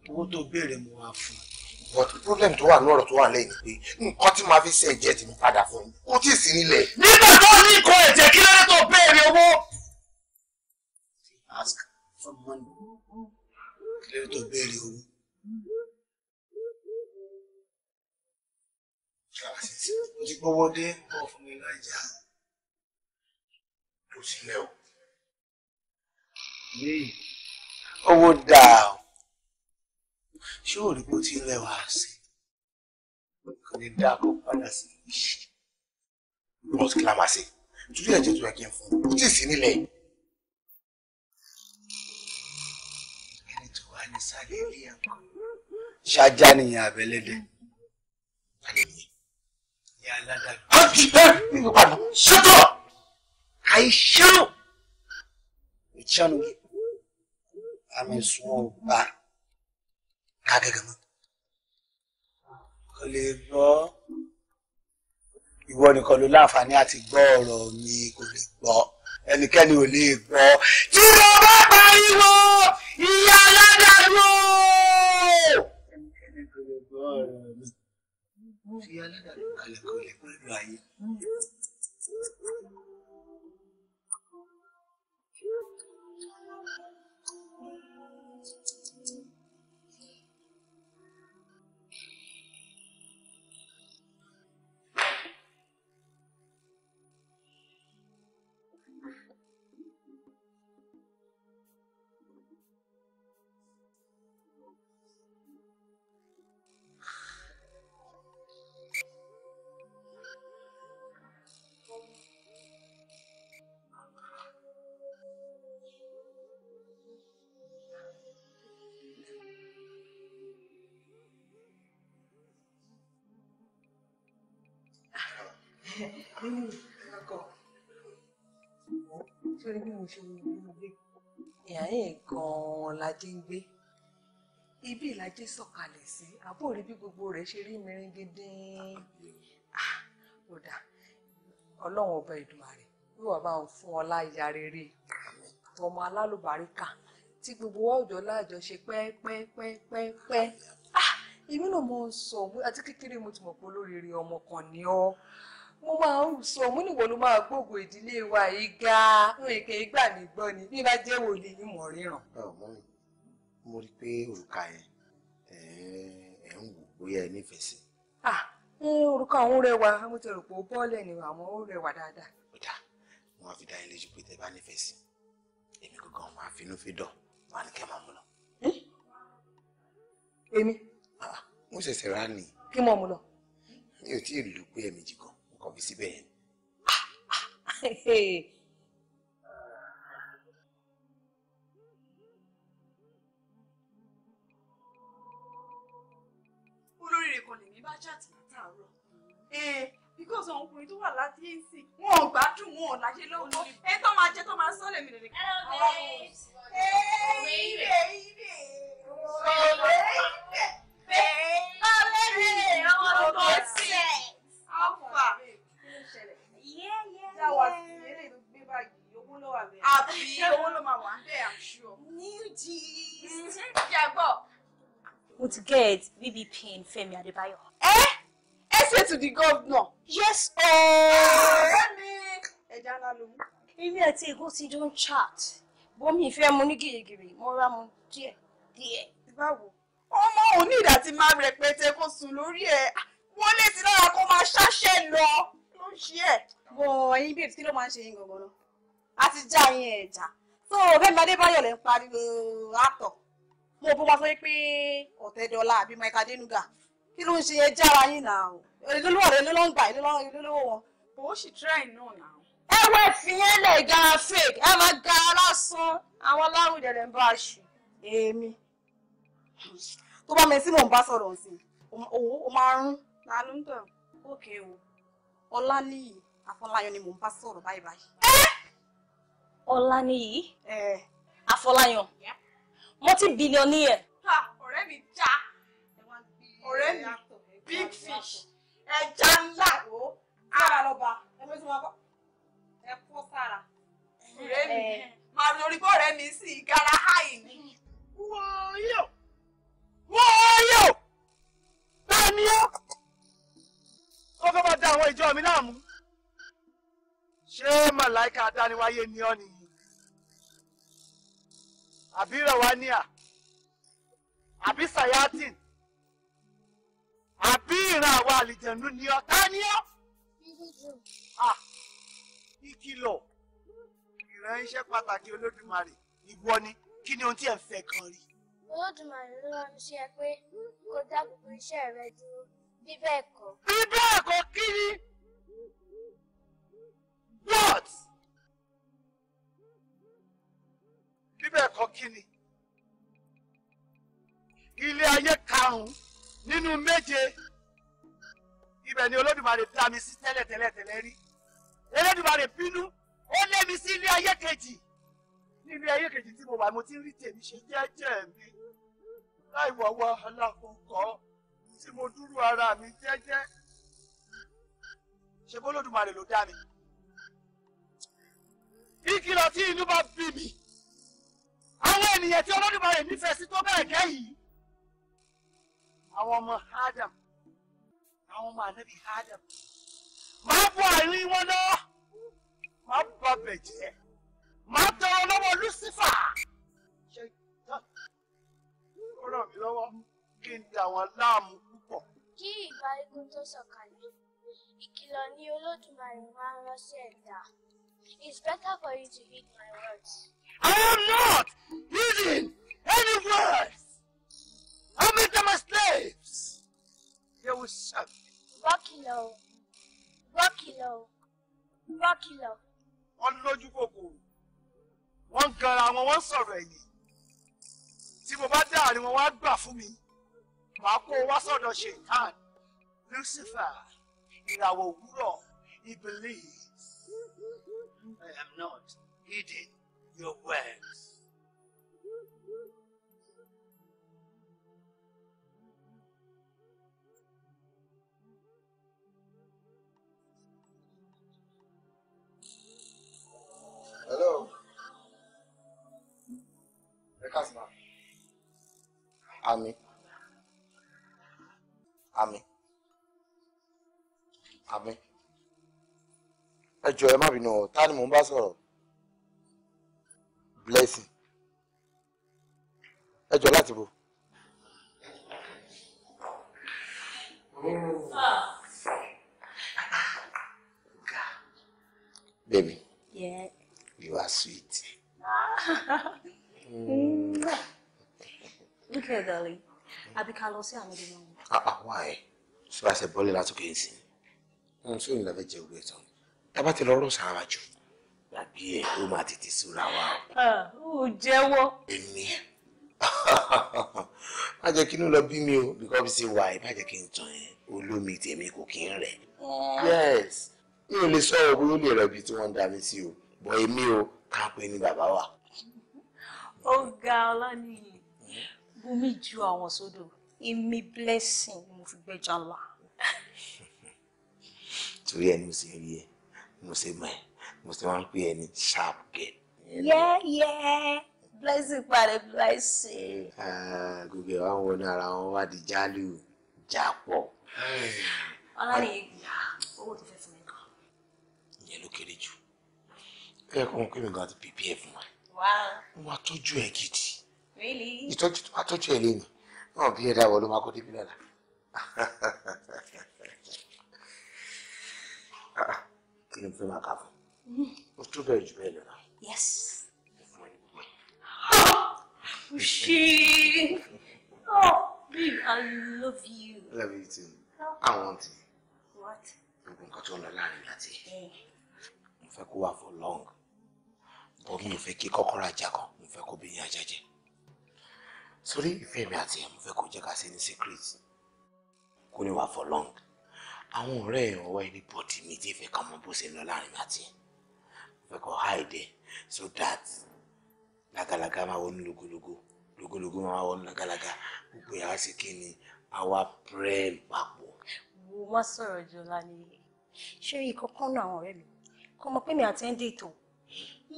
owó tó béèrè mo wá fún un but problem tó wà ní ọ̀rọ̀ tó wà lẹ́yìn pé nǹkan tí màá fi ṣe ẹ̀jẹ̀ tèmi padà fún mi kò tí ì sí nílẹ̀. nígbà tó ní ikọ̀ ẹ̀jẹ̀ lórí tó béèrè owó. mo ti gbọ́wọ́ dé kọ́ fún mi lájà tó sì lẹ́wọ̀. owó dáa ṣé ò rí bó ti rẹwà sí kò ní dáa kó padà sí bọ́ọ̀sì kí la máa ṣe nítorí ẹ̀jẹ̀ tó yẹ kí n fún un kò sí nílẹ̀ sáré rí ẹ̀kọ́ ṣáájá nìyẹn àbẹ́lẹ́dẹ̀ ìyá aládàgbà. a ti bẹ́ nínú padà ṣètò àìṣẹ́rò ìṣẹ́nu àmì ìṣòwò gbà kágẹ́gẹ́ mọ́. kò lè gbọ́ ìwọ nìkan ló láǹfààní àti gbọ́ ọ̀rọ̀ mi kò lè gbọ́ ẹnikẹ́ni ò lè gbọ́ tí mo bá pariwo ìyá aládàlú o. ìyá aládàlú kalẹ̀ kò lè pẹ̀lú ayé. nítorí bí mo ṣe mú un gbé ìyá yẹn gan-an lajẹ ń gbé ibi ìlàjẹ sọ̀kalẹ̀ sí àbóòrí bí gbogbo rẹ̀ ṣe rí mìíràn gídín ọ̀dà ah, ọlọ́run ọba Èdùmàrè wíwà bá ń fún ọ láyà rere ọmọ alálùbáríkà tí gbogbo ọjọ́ láàjọ ṣe pẹ́ẹ́pẹ́ẹ́pẹ́ẹ́pẹ́ ah, èmi náà mo ń sọ àti kékeré mo ti mọ̀ pé olóríire ọmọ kan ni ọ́ mo máa ń sọ mo níwọ ló máa gbógo ìdílé wa yìí ga ń èké ìgbà mi gbọ́ ni bí bá jẹ́ wòlíì yìí mọ̀ ríran. ọmọ mi mo rí i pé òrùka yẹn ẹ ń wò bóyá ẹ nífẹ̀ẹ́ sí. òrùka òun rẹwà mo ti rò pé ó bọ́ọ̀lẹ̀ ni àmọ́ ó rẹwà dáadáa. ó dà wọn á fi dá ilé ju pé tẹ bá nífẹ̀ẹ́ sí èmi kankan wọn á finú fi dọ̀ wọn á ní kẹ́ máa mú lọ. èmi. Ah, mo ṣẹ̀ṣẹ̀ rà ní. kí mo mú lọ. mi ò nǹkan fi síbẹ̀ yẹn. olórí kan lèmi bá jà tààrọ̀ eh, because àwọn ọkùnrin tó wà láti ẹ̀sìn wọn ò gbádùn wọn ò láṣẹ lọ́wọ́ ẹ tó máa jẹ tó máa sọ lèmi lèmi. ẹ ẹ ire ire ọ̀rẹ́ ire ọ̀rẹ́ ire ọmọ tó ń sẹ̀ ọ̀fà dá wa sí gbé báyìí owó ló wà bẹ́ẹ̀. àbí owó ló máa wà bẹ́ẹ̀ i'm sure. new jeans ṣé ìjàgbọ́. mo ti get bb pin Fẹ́mi Adébáyọ̀. ẹ ẹ ṣe to the governor. yes ooo. Fẹ́mi ẹja ńlá ló mú. èmi àti ègún ti jọ chat Bomi ìfẹ́ mu ní gìrìgìrì mo rá mu díẹ̀ díẹ̀. báwo ọmọ òní ìdá ti máa rẹpẹtẹ kó sùn lórí ẹ wọlé sí lára kó máa ṣáṣẹ lọ ló ń ṣe ẹ wọ ẹyin babes kí ló máa ń ṣe yín gangan náà a ti já yín ẹ̀já tó Fẹ́mi Adébáyọ̀ lẹ́ ń pariwo àtọ̀ mo bó wá sọ pé Ọ̀tẹ́dọ́là àbí Michael Denuga kí ló ń ṣe yẹn jára yín náà o olólùwọ̀ rẹ̀ ló ló ń gbà olólùwọ̀ wọn. owó sì try náà náà. ẹ wọ ìfìyẹn lè ga fake ẹ máa ga lásán àwọn aláwùjẹ lè ń bá a ṣe èmi tó bá mi sí mò ń bá sọ̀rọ̀ sí i òun ó máa rún. ta ló ń tàn. ókè o ọlá nìyí Afọláyan ni mò ń bá sọ̀rọ̀ báyìí báyìí. Ọlá ni yìí. Afọláyan. Multi billionaire. Ọ̀rẹ́ mi já. Ọ̀rẹ́ mi big fish. Ẹja ńlá. Ara lọ́ba. Ẹ mẹ́tí wọn bá. Ẹ kó sára. Ọ̀rẹ́ mi. Màá lórí bọ́ọ̀rẹ́ mi sí ìgara háì ni. Wọ́ọ́yọ̀. Wọ́ọ́yọ̀. Bẹ́ẹ̀ ni ó. Ó fẹ́ bá da àwọn ìjọ mi náà mú ṣé màláìka adániwáyé ni ọ́ nìyí àbí rẹwàníà àbí sayatin àbí ìran àwọn àlìjẹ̀nu ni ọ́ ta ni ọ́ ìkìlọ̀ ìran iṣẹ́ pàtàkì olódùmarè ìwọ ni kí ni ohun tí ẹ ń fẹ́ kan rí. olódùmarè ló rán mi sí pé kó dá gbogbo iṣẹ́ rẹ dúró bí bẹ́ẹ̀ kọ́. bí bẹ́ẹ̀ kọ́ kí ni. What? Bíbẹ̀ kọ́ kí ni? Ilé ayé karùn-ún nínú méje. Ibẹ̀ ni Olódùmarè dá mi sí tẹ́lẹ̀ tẹ́lẹ̀ tẹ́lẹ̀ rí. Olódùmarè bínú, ó lé mi sí ilé ayé kejì. Ní ilé ayé kejì tí mo wà, mo ti rí tèmi ṣe jẹ́jẹ́ mi. Láì wọ̀wọ́ alákòókò tí mo dúró ara mi jẹ́jẹ́. Ṣé bólódùmarè ló dá mi? ìkìlọ̀ ti inu ba bí mi àwọn ènìyàn tí Olódùmarè fe si to be Adam ma Adam ma bu àárín wọn náà ma bu be je ma tọrọ Lucifer ṣe tán ó ràn mí lọ́wọ́ n da kí ìgbà ni Olódùmarè máa ń ránṣẹ́ eda It's better for you to read my words. I am not reading any words. How make are my slaves? They will serve me. Rocky low. Rocky low. Rocky low. Wọ́n lójú kòkòrò. Wọ́n ń kanra wọn, wọ́n ń sọ̀rọ̀ ẹ̀yìn. Tí mo bá dáa ni wọ́n wá gbà fún mi. Màá kó o wá sọ̀dọ̀ Shaitan, Lucifer, ìràwọ̀ òwúrọ̀, Iblis. I am not heeding your words. Hello. Rekasma. Ami. Ami. Ami ẹ ẹ má bínú ọ ta ni mò ń bá sọ̀rọ̀ blessing ẹ láti bo. baby yeah. you are sweet. mm. look here darling àbí be lọ sí àwọn ìdílé wọn. Ah, ah, why I said, ṣe bọ́ọ̀lì látòkè yìí I'm i ṣé òun làbẹ́ jẹ́ ògbé tán tá bá ti lọ rọ̀ sára jù gbàgbé ẹ̀ ó máa tètè súra wa. ó jẹ́wọ́. èmi ẹ̀ má jẹ́ kí inú lọ bí mi o because bí sí má jẹ́ kí n tàn olómi tèmi kò kí n rẹ̀. Mm. yes mi ò lè sọ̀rọ̀ bóyá ó lè rẹ̀ ibi tí wọ́n ń dá mi sí o bọ̀ èmi o ká pé ní bàbá wa. ó ga ọlọ́nìyí bùnmi ju àwọn sódò èmi blessing mo fi gbẹ́jà la. torí ẹni mo sì rí ẹ mo ṣe mọ̀ ẹ́ mo ṣe wọ́n pé sharp girl. yeah yeah blessing pàdé blessing. Ah, gbogbo ẹ̀ wá ń wọnú ara wọn wá di jálù jápọ̀. ọlọ́run owó tó fẹ́ fún mi kan. ìyẹn ló kéré jù ẹ kọ́ pé mi gan ti pèpè ẹ̀ fún wa. mo máa tọ́jú ẹ gidi. ìtọ́jú tó ẹ lé ni wọn bí ẹ dáwọ́ ló máa kó débi lọ́la. ni mo fẹ́ máa kà fún ó tún bẹ̀rẹ̀ jù bẹ́ẹ̀ lọ náà. yes. ṣe oh, oh babe i love you. i love you too i want you. what. gbogbo nǹkan tó ń lọ láàrin láti eh. mo fẹ́ kó wà for long bọ́ mi ò fẹ́ kí kọ́kọ́rọ́ ajá kan mo fẹ́ kó bẹ̀yìn ajá jẹ sórí ìfẹ́ mi àti ẹ̀ mo fẹ́ kó jẹ́ ká ṣe ní secret kó ní wà for long àwọn ọ̀rẹ́ ẹ̀ ọwọ́ ẹni bọ̀dì mi ti fẹ́ kàn mọ́ bó ṣe lọ láàrin àti ẹ̀ fẹ́ so that làgàlàgà máa wọnú lógólógó lógólógó máa wọnú làgàlàgà gbogbo ìyàwó sí kí ni àwa prem papọ̀. mo má sọ̀rọ̀ jọlá ni ṣé ìkọ̀kọ́ náà àwọn ọ̀rẹ́ mi kọ́ mọ pé mi àti ẹ̀ ń dètò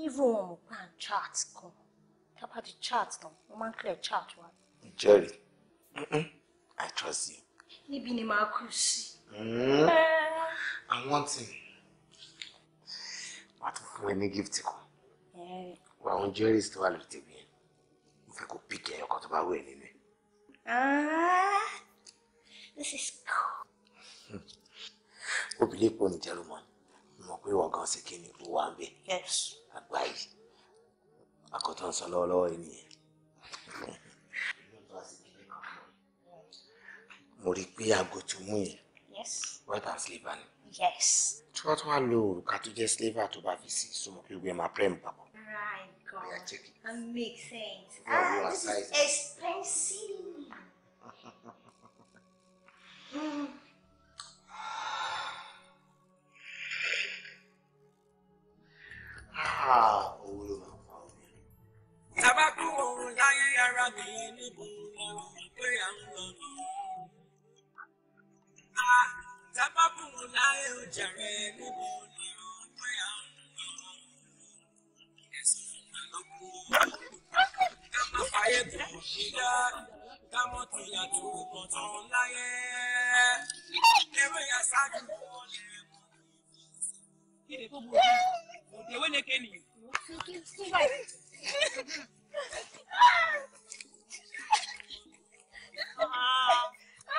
even wọn mo pa chat kan kápá ti chat náà wọ́n máa ń clear chat wa. Jerry, I trust you. níbi ni màá kú sí. Hmm? Eh. And one thing, what if fún ẹ ní gift kan. Wà àwọn jẹ́rìsì tó wà lórí tèmi yẹn. Mo fẹ́ kó píkì ẹyọ kan tó bá wẹ̀ nínú ẹ̀. This is cool. Obìnrin believe ní jẹ́rù mọ́. Mo mọ̀ pé ìwọ̀n gan ṣe kí ni be. Yes. ń I Àgbà yìí. Àkọ́tọ̀ ń sọ lọ́wọ́lọ́wọ́ Mo rí i pé aago tó mú yẹn. Yes. White and silver ni. Yes. Tí wọ́n tún wá lo òrùka tó jẹ́ silver tó bá fi sí súnmọ́ kí gbogbo ẹ̀ máa prem papọ̀. Right God, yeah, check it. that makes sense. Yeah, ah, you are this sizes. is expensive. mm. ah, owó ló máa pa omi. Tabakú òun láyé ara mi níbo ni pé à ń lọ nù tábàbùn láyé ọjà rẹ níbo ni ó ń pè á ń lò ó ẹsùn ìgbàlókù kámá fàyè tó ṣídá kámọ tó yàtọ̀ ìbọ̀tán láyé eré àṣáájú wọn lè mọ. kéde tó bu òde wọlé kéènì. Ah.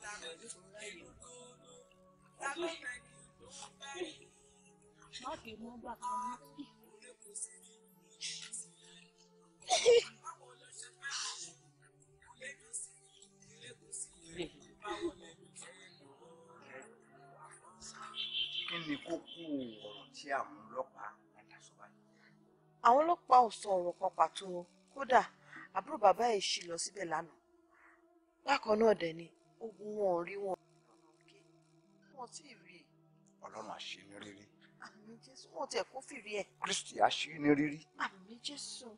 má dé mọ́ gbà kan ní. kí ni kókó ọ̀rọ̀ tí àwọn ọlọ́pàá padà sọ báyìí. àwọn ọlọ́pàá ò sọ ọ̀rọ̀ kan pàtó kódà àbúrò bàbá ẹ̀ ṣì lọ síbẹ̀ lánàá bákan náà dẹ̀ ni ogun wọn ò rí wọn lọ́nà òkè wọn tí ì rí i. ọlọ́run àṣẹ ní rírí. àmì jésù wọn tiẹ̀ kó fìrí ẹ̀. kristi àṣẹ ní rírí. àmì jésù.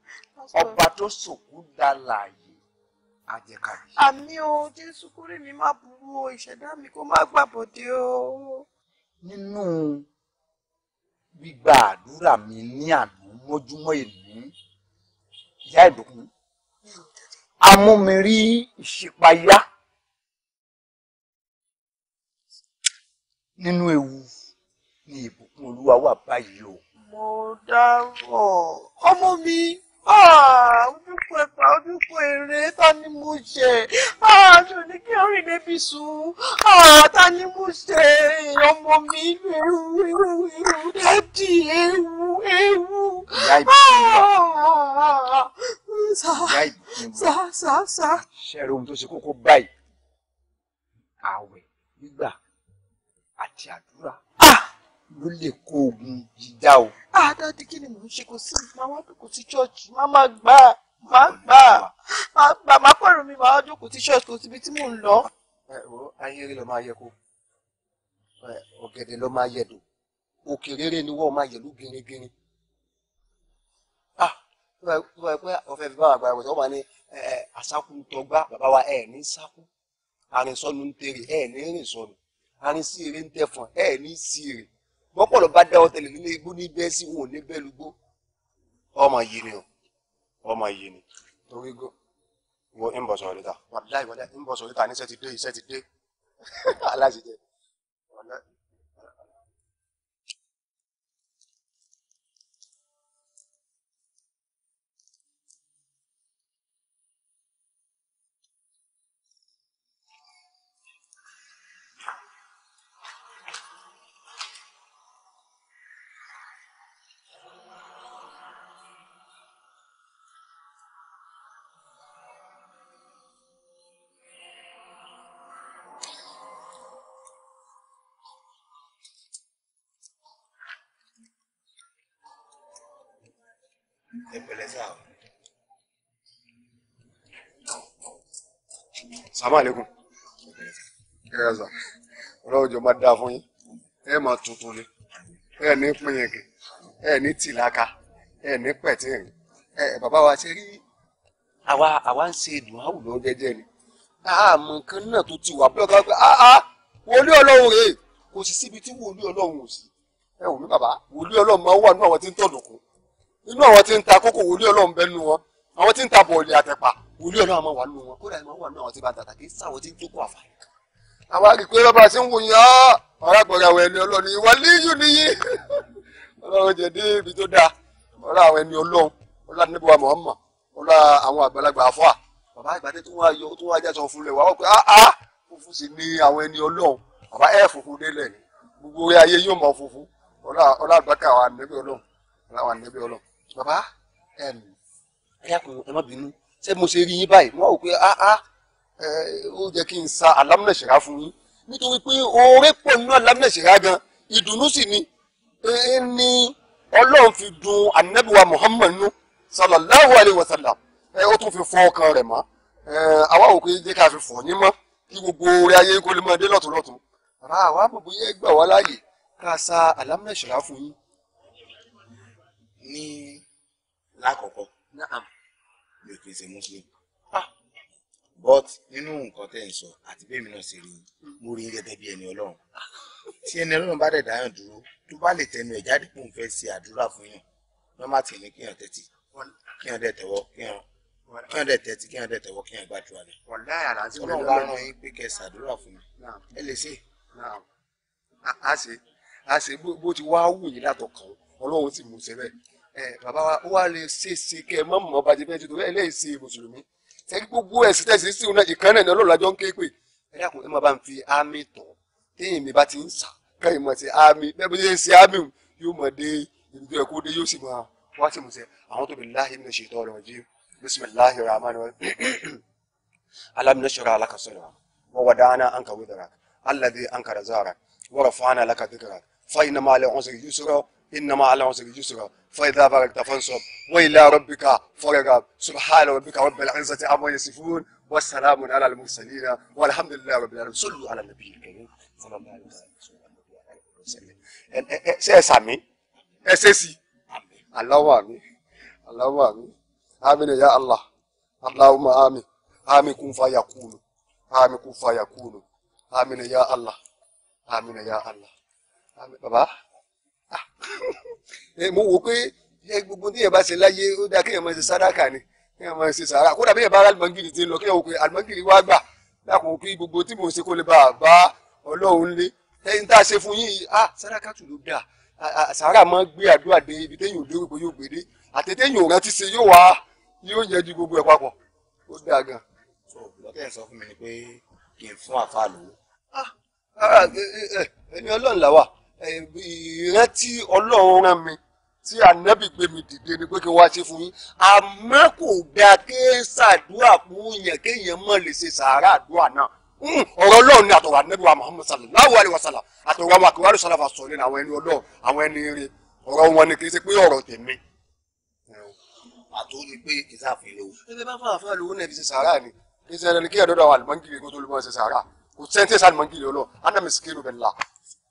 ọba tó sòkú dalàyè àmì o jésù kórè mi má burú o ìṣẹ̀dá mi kó má gbàbọ̀dé o. nínú gbígba àdúrà mi ní àná mọ́júmọ́ ìlú ìyá ìdùnkún a mú mi rí ìṣípayá. nínú ewu ni ìbùkún olúwa wà báyìí o. mo dárò ọmọ mi ah, ojúkọ ẹ̀pà ojúkọ èrè ta ni mo ṣe àjò ah, ní kí orí mi fi sùn ah, ta ni mo ṣe ọmọ mi ewu ewu ewu dádì ewu ewu. ìyá ìbùkún sá sá sá. ṣẹ́rù ohun tó ṣe kókó báyìí ààwẹ̀ gbígbà àti àdúrà ah! ló lè kó ogun jíjà o. àdáde ah, kí ni mò ń ṣe kò sí màá wá jókòó sí ṣọ́ọ̀ṣì má má gbà má gbà má gbà má pẹ̀rù mi màá jókòó sí ṣọ́ọ̀ṣì kò síbi tí mò ń lọ. ayéré ló máa yẹ kó ọ̀gẹ̀dẹ̀ ló máa yẹ dò òkèrèrè ni wọ́n máa yẹ lú gírígírí. Ah! ọ̀fẹ́ fi bá wà gbàgbọ́ sọ́wọ́n máa ní àsákú tọgbá bàbá wa ẹ̀ ní sákú àrìnsọ́nu ń tèrè ẹ̀ ní rìnsọ́nu arin sí eré ń tẹ̀fọ̀n ẹ̀ ní sí èrè mọ́pọ̀lọ́ bá dáwọ́ tẹ̀lé nílé igbó ní bẹ́ẹ̀ sí wọn ò ní bẹ́ẹ̀ lúgbó ọmọ yìí ni ọmọ yìí ni torí gbó wo ń bọ̀ sọ̀rọ̀ lẹ́ta wàláì wàláì ní sẹ́tidé sẹ́tidé aláṣẹ sàmà lẹ́kùn kẹ́kẹ́ sà ọlọ́run jọ máa dáa fún yín ẹ máa tuntun ni ẹ ní pínyẹ̀kì ẹ ní tìlaka ẹ ní pẹ̀tìrì ẹ bàbá wa ṣe rí àwa àwa ń ṣe ìdùn àwùjọ jẹjẹ ni àmọ́ nǹkan náà tó ti wà búlọ́ọ̀kì wá pé áá wòlíì ọlọ́run rèé kò sí síbi tí wòlíì ọlọ́run ò sí ẹ wò ní bàbá wòlíì ọlọ́run máa wà nínú àwọn tí ń tọ̀dùnkù nínú àwọn tí ń ta kókò wòlíì ọlọ́run bẹ́ẹ̀ nínú wọn àwọn tí ń ta bọ̀ọ̀lì àtẹ̀pà wòlíì ọ̀nà àmọ́ wà nù wọn kódà ìmọ̀ wà nù àwọn tí bá ń ta tàkì sáwọn tí ń tó kó àfà àwọn àgbègbè rọ́bà sí ń wò yá ọ̀rágbọ̀rẹ́ àwọn ẹni ọlọ́ni ìwà líyù níyì ọlọ́run jẹ̀ dé ibi tó dáa ọlá àwọn ẹni ọlọ́run ọlá níbo mọ̀ọ́mọ̀ ọlá àwọn àgbàlagbà àfọ́à bàbá ìgbàdé ẹ dákun ẹ má bínú ṣé mo ṣe rí yín báyìí mo wò pé ah ah ó jẹ́ kí n sa alámúnẹ̀ṣẹ̀rá fún yín nítorí pé oore pọ̀ nínú alámúnẹ̀ṣẹ̀rá gan ìdùnnú sì ni ni ọlọ́run fi dùn anabiwa muhammad nú sallallahu alayhi wa sallam ẹ ó tún fi fọ ọkàn rẹ̀ mọ́ àwa ò pé jẹ́ ká fi fọ̀ ní mọ́ kí gbogbo orí ayé kó lè máa dé lọ́tùnlọ́tùn ara àwa bòbò yẹ gbà wá láàyè ká sa alámúnẹ̀ṣẹ̀rá fún yín. ní lákọ̀ọ́kọ́ naam mi ò kì í ṣe muslim ah! but nínú nǹkan tẹ́ ń sọ àti bẹ́ẹ̀ mi náà ṣe rí mo rí gẹ́gẹ́ bí ẹni ọlọ́run tí ẹni ọlọ́run bá dẹ̀ dáyàn dúró tó bá lè tẹnu ẹ̀ jáde kó n fẹ́ ṣe àdúrà fún yàn nọ́mà tì ní kíyàn tẹ́tí kíyàn dẹ̀ tẹ̀wọ́ kíyàn kíyàn dẹ̀ tẹ́tí kíyàn dẹ̀ tẹ̀wọ́ kíyàn gbàdúrà rẹ̀ ọlọ́run bá rán yín pé kẹ́ ṣàdúrà fún mi ẹ lè ṣe. a ṣe bó ti wá wù yín látọkàn ọlọ́run ti mú un ṣe bẹ́ẹ̀ bàbá wa ó wá lè ṣe é ṣe kẹ mọ́ mọ́ bàjẹ́ bẹ́ẹ̀ tuntun ẹ̀ lẹ́yìn ṣe mùsùlùmí sẹ́yìn gbogbo ẹ̀sìn tẹ̀sí sí ìhun náà ìkànnì ẹ̀ ní ọlọ́run àjọ ń ké pè ẹ̀ dàkún ẹ̀ máa bá ń fi ámì tọ̀ téèyàn mi bá ti ń sà kẹ́yìn mọ̀ sí ámì bẹ́ẹ̀ bí ṣe ámì yóò mọ̀ dé ibùdó ẹ̀kú dé yóò sì máa wá sí musẹ̀ àwọn tó billahi minash shaitani rajim bismillahir rahmanir rahim alam nashra laka sadrak wa wada'na anka wizrak alladhi ankara zarak wa rafa'na laka dhikrak fa inna ma'al usri yusra إنما على وسك يسرا فإذا فرغت فانصب وإلى ربك فرقب سبحان ربك رب العزة عما يصفون والسلام على المرسلين والحمد لله رب العالمين صلوا على النبي الكريم صلى الله عليه وسلم ṣe ẹ sàmí ẹ ṣe sí aláwọ àmì آمين àmì àmì ni ya allah aláwọ àmì àmì kún fa yakunu àmì kún fa yakunu àmì ni ya mo wò pé gbogbo tí yẹn bá ṣe láyé ó dáa kéèyàn máa ṣe sàdákà ni kéèyàn máa ṣe sàrà kódà bí yẹn bá alimọ́ngìrì ti lọ kéèyàn wò pé alimọ́ngìrì wá gbà lákòó pé gbogbo tí mò ń ṣe kó lè bá a bá ọlọ́run lé ẹni tá a ṣe fún yín ah sàdákà tù ló dáa sàrà máa gbé àdúrà dé ibi téèyàn ò dérò pé yóò gbé dé àtẹ̀tẹ̀ yóò rántí ṣe yóò wá yóò yẹ ju gbogbo ẹ̀ papọ̀ ó dáa gan. lọ́kẹ́ sọ fún mi ni pé kì ah, ah, eh, eh, eh, ẹni ọlọ́run làwà ìrántí ọlọ́run rán mi tí ànábì gbé mi dìde ni pé kí n wá ṣe fún yín àmọ́ kò dáa ké ṣàdúrà fún yẹn kéèyàn mọ̀ lè ṣe sàárà àdúrà náà hmm, ọ̀rọ̀ ọlọ́run ni àtọ̀wà ànábì wa Muhammad sallallahu alaihi wasallam àtọ̀wà wa kìwárí sọlọ́fà sọ nínú àwọn ẹni ọlọ́run àwọn ẹni rẹ ọ̀rọ̀ wọn ni kì í ṣe pé ọ̀rọ̀ tèmi. àtòrí pé kì í sáfin lówó. ẹgbẹ́ bá fà fà lówó náà fi ṣe sàárà ni kì í ṣe ẹni kí ẹ̀dọ́dọ̀ àwọn àlùmọ́ngìrì kó tó lè mọ́ ṣe sàárà kò sẹ́ńtẹ́sì àlùmọ́ngìrì ọlọ́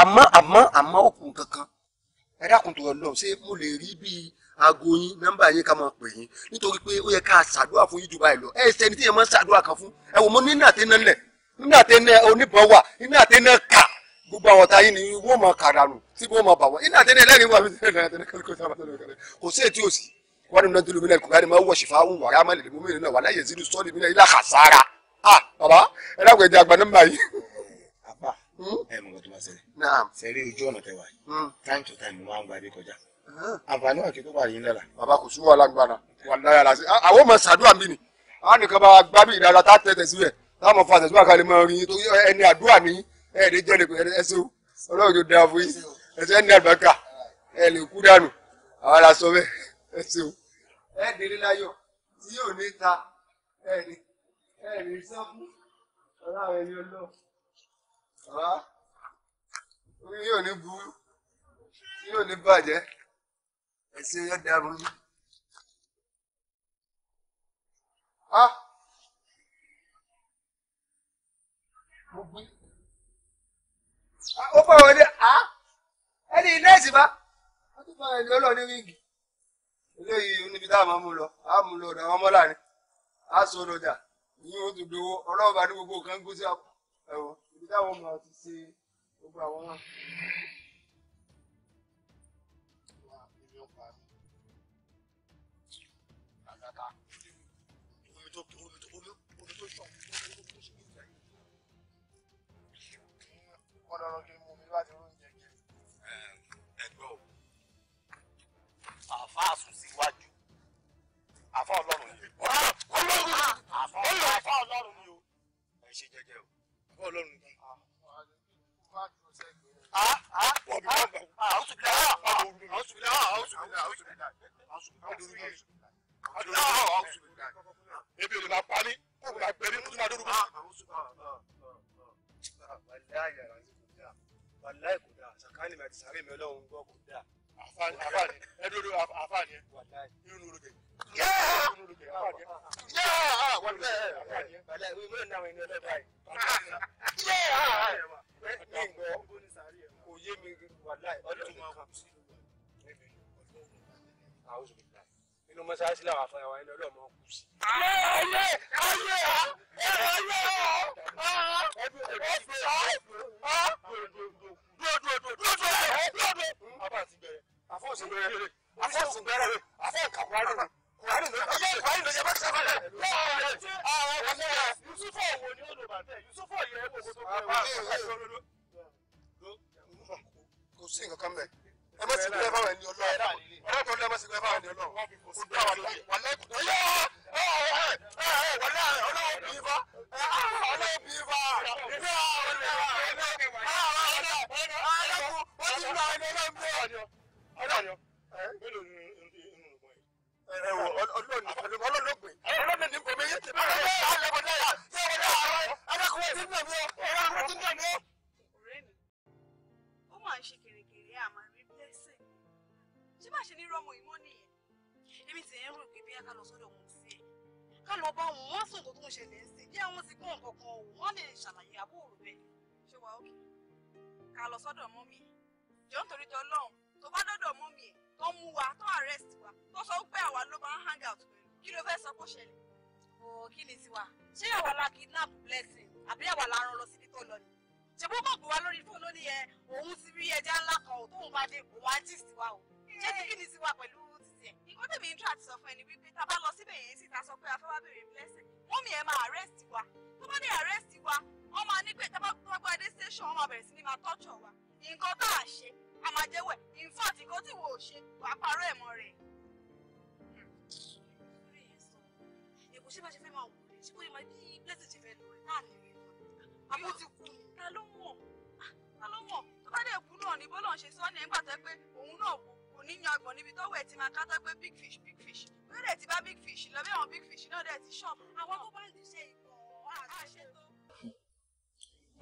àmọ́ àmọ́ àmọ́ òkun kankan ẹ dákun tó lọ ṣé mo lè rí bíi aago yín nọ́mbà yín ká máa pè yín nítorí pé ó yẹ ká ṣàdúrà fún yín jù báyìí lọ ẹ ṣe ẹni tí yẹn máa ń ṣàdúrà kan fún ẹ wò mo ní iná àti iná lẹ iná àti iná oníbọn wà iná àti iná kà gbogbo àwọn ọ̀tá yín ni wọ́n máa kàrà nù tí wọ́n máa bà wọ́n iná àti iná ẹlẹ́rìí wà kò sí ètí òsì wọn nínú dúró mílẹ̀ kùnà ni máa Hmm? ẹ mọ̀ nǹkan tó máa ṣẹlẹ̀ ṣẹlẹ̀ ojú ọ̀nà tẹwàá hmm. time to time mo máa ń gba ilé kọjá àǹfààní wà kí tó wà yín lára. bàbá kò súwọ́ alágbára wà láyà láti àwọn ọmọ ṣàdúrà mi nì á nìkan bá gbá bí ìdára tá tẹ̀tẹ̀ síbẹ̀ táwọn fa àtẹ̀síwá kalẹ̀ mọ́ rin torí ẹni àdúrà ní ẹ̀ẹ́dẹ́ jẹ́ ẹ̀dẹ́ pẹ̀lú ẹsẹ̀ o ọlọ́run yóò dáa fún yín ẹsẹ̀ ẹni àgbàkà ẹ̀ lè kú dànù àwọn ará sọ bẹ́ẹ̀ ẹsẹ̀ o. ẹ̀ẹ́dẹ́rẹ́ láyọ̀ tí yóò ní ta ẹ̀ẹ́dẹ́ ẹ̀ẹ́dẹ́ sáfù ọlọ́run ẹni ọlọ́run. rárá orí yóò ní burú yóò ní bàjẹ́ ẹ̀sìn yóò dá burú. Ó bá Ẹni ilé tún bá ẹni ọlọ́ọ̀ni eléyìí tá a máa mú lọ a mú lọ ọ̀dà àwọn ọmọlá ni a sọ lọ́jà yín ó tún dowó o ní gbogbo kan gbé sí ẹ̀wọ̀n ibi táwọn ọmọ ti ṣe gbogbo àwọn náà. omi tó omi omi tó ṣàn omi tó ṣàn omi kí n mú.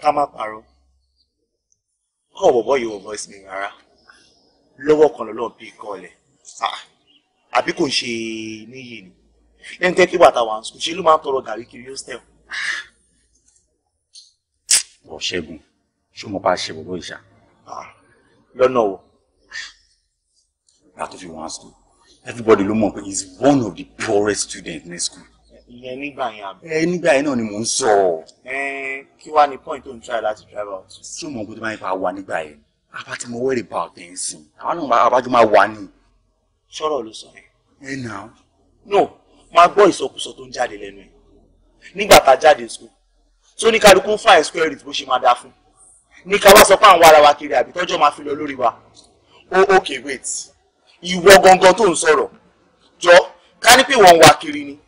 ká má parọ́ kọ́ bọ̀bọ̀ you voice me, rárá lọ́wọ́ kan lọ́lọ́ bí ìkọlẹ̀ àbí kò ń ṣe níyì ni ẹni tẹ́ kí bàtà wà ń sùn ṣe ló máa ń tọrọ gàrí kiri hostel. bọ̀ ṣẹ́gun ṣó mo bá ṣe bọ̀bọ̀ ìṣá. lọ́nà wo. látò fi wọ́n á to. everybody ló mọ̀ pé is one of the poorest students ní school ìyẹn nígbà yẹn àbí. ẹ nígbà yẹn náà ni mò ń sọ. ẹ kí wàá ní point tó ń try láti drive out. súnmọ́ nǹkan tó máa ń fa wa nígbà yẹn apá tí mo wẹ́rẹ̀ bá ọ̀tẹ̀ ń sìn àwọn náà máa abájú máa wà ní. sọ̀rọ̀ ló sọ yẹn. ẹ nà ó. no máa gbọ́ ìsọkúsọ tó ń jáde lẹ́nu ẹ̀ nígbà tá a jáde school tó ní kálukú fine square root bó ṣe máa dá fún ní ká wá sọ pé àwọn ara wa kiri àbí tọ́jọ́ máa fi lọ lórí wa oh okay wait ìwọ gangan tó ń sọ̀rọ̀ jọ ká ní pé wọ́n ń wa kiri ni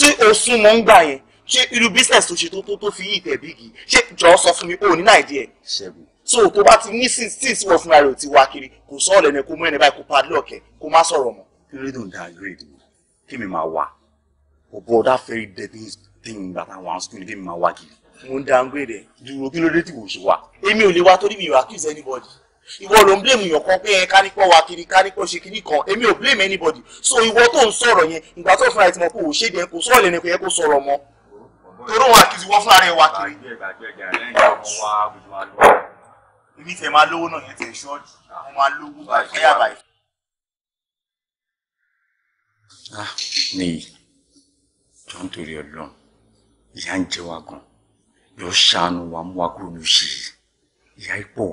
tí o sún mọ́ ń gbà yẹn ṣé irú business tó ṣe tó tó tó fi yí ìtẹ̀ bígì ṣé jọ̀ọ́ sọ fún mi o ní náà díẹ̀. ṣẹ́gun. so tó bá ti ní sixteen tí wọ́n fúnra rẹ̀ ò ti wá kiri kò sọ ọ̀lẹ̀ ní kó mú ẹni báyìí kó padlock ẹ̀ kó má sọ̀rọ̀ mọ́. kílódé tó ń da grade mi kí mi máa wà ọ̀bọ̀ that very dirty thing that I wan school kí mi máa wà kiri. mo ń da grade ẹ. dúró kílódé tí kò ṣe wà. èmi ò lè wá torí mi ò accuse anybody ìwọ ló ń blame èèyàn kan pé ẹ kánípọ̀ wà kiri kánípọ̀ ṣe kiri kan èmi ò blame anybody so ìwọ tó ń sọ̀rọ̀ yẹn ìgbà tó fúnra ẹ ti mọ̀ pé ò ṣèdè kò sọ̀rọ̀ lẹ́nu pé ẹ kò sọ̀rọ̀ mọ́ torí wọn àkìsí wọ́n fúnra rẹ̀ wà kiri. ibi tẹ máa lówó náà yẹn tẹ ṣọ́ọ̀jù àwọn máa lówó báyìí ẹ̀yà báyìí. nìyí tó ń torí ọlọ́run ìyá ń jẹ wa gan yóò ṣàánú wa mú wa kúrò ní òṣì ìyá ipò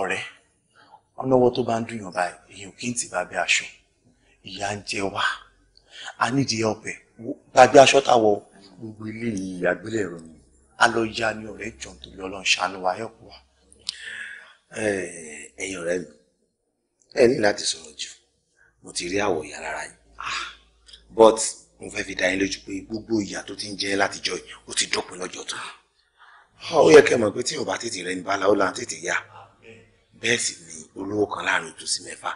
ọ̀rẹ́ ọlọ́wọ́ tó bá ń dùn yàn báyìí èèyàn kì í ti bá bẹ aṣọ ìyà ń jẹ wá a nídìí ọbẹ̀ gbàgbé aṣọ táwọ gbogbo ilé yìí àgbélẹ̀rọ ni a lọ ya ni ọ̀rẹ́ jọ̀ nítorí ọlọ́run ṣàánú wa ẹ̀kọ́ wa. ẹ̀yin ọ̀rẹ́ mi ẹ ní láti sọ̀rọ̀ jù mo ti rí àwọ̀ ìyá lára yìí ah, but mo fẹ́ fi dá yín lójú pé gbogbo ìyà tó ti ń jẹ́ látijọ́ yìí ó ti dópin lọ́jọ́ tó. Ah, ó yẹ kẹ́ mọ̀ pé tí ò bá tètè rẹ ní bá là ń tètè yá bẹ́ẹ̀ sì ni olówó kan láàrin ìtòsí mẹ́fà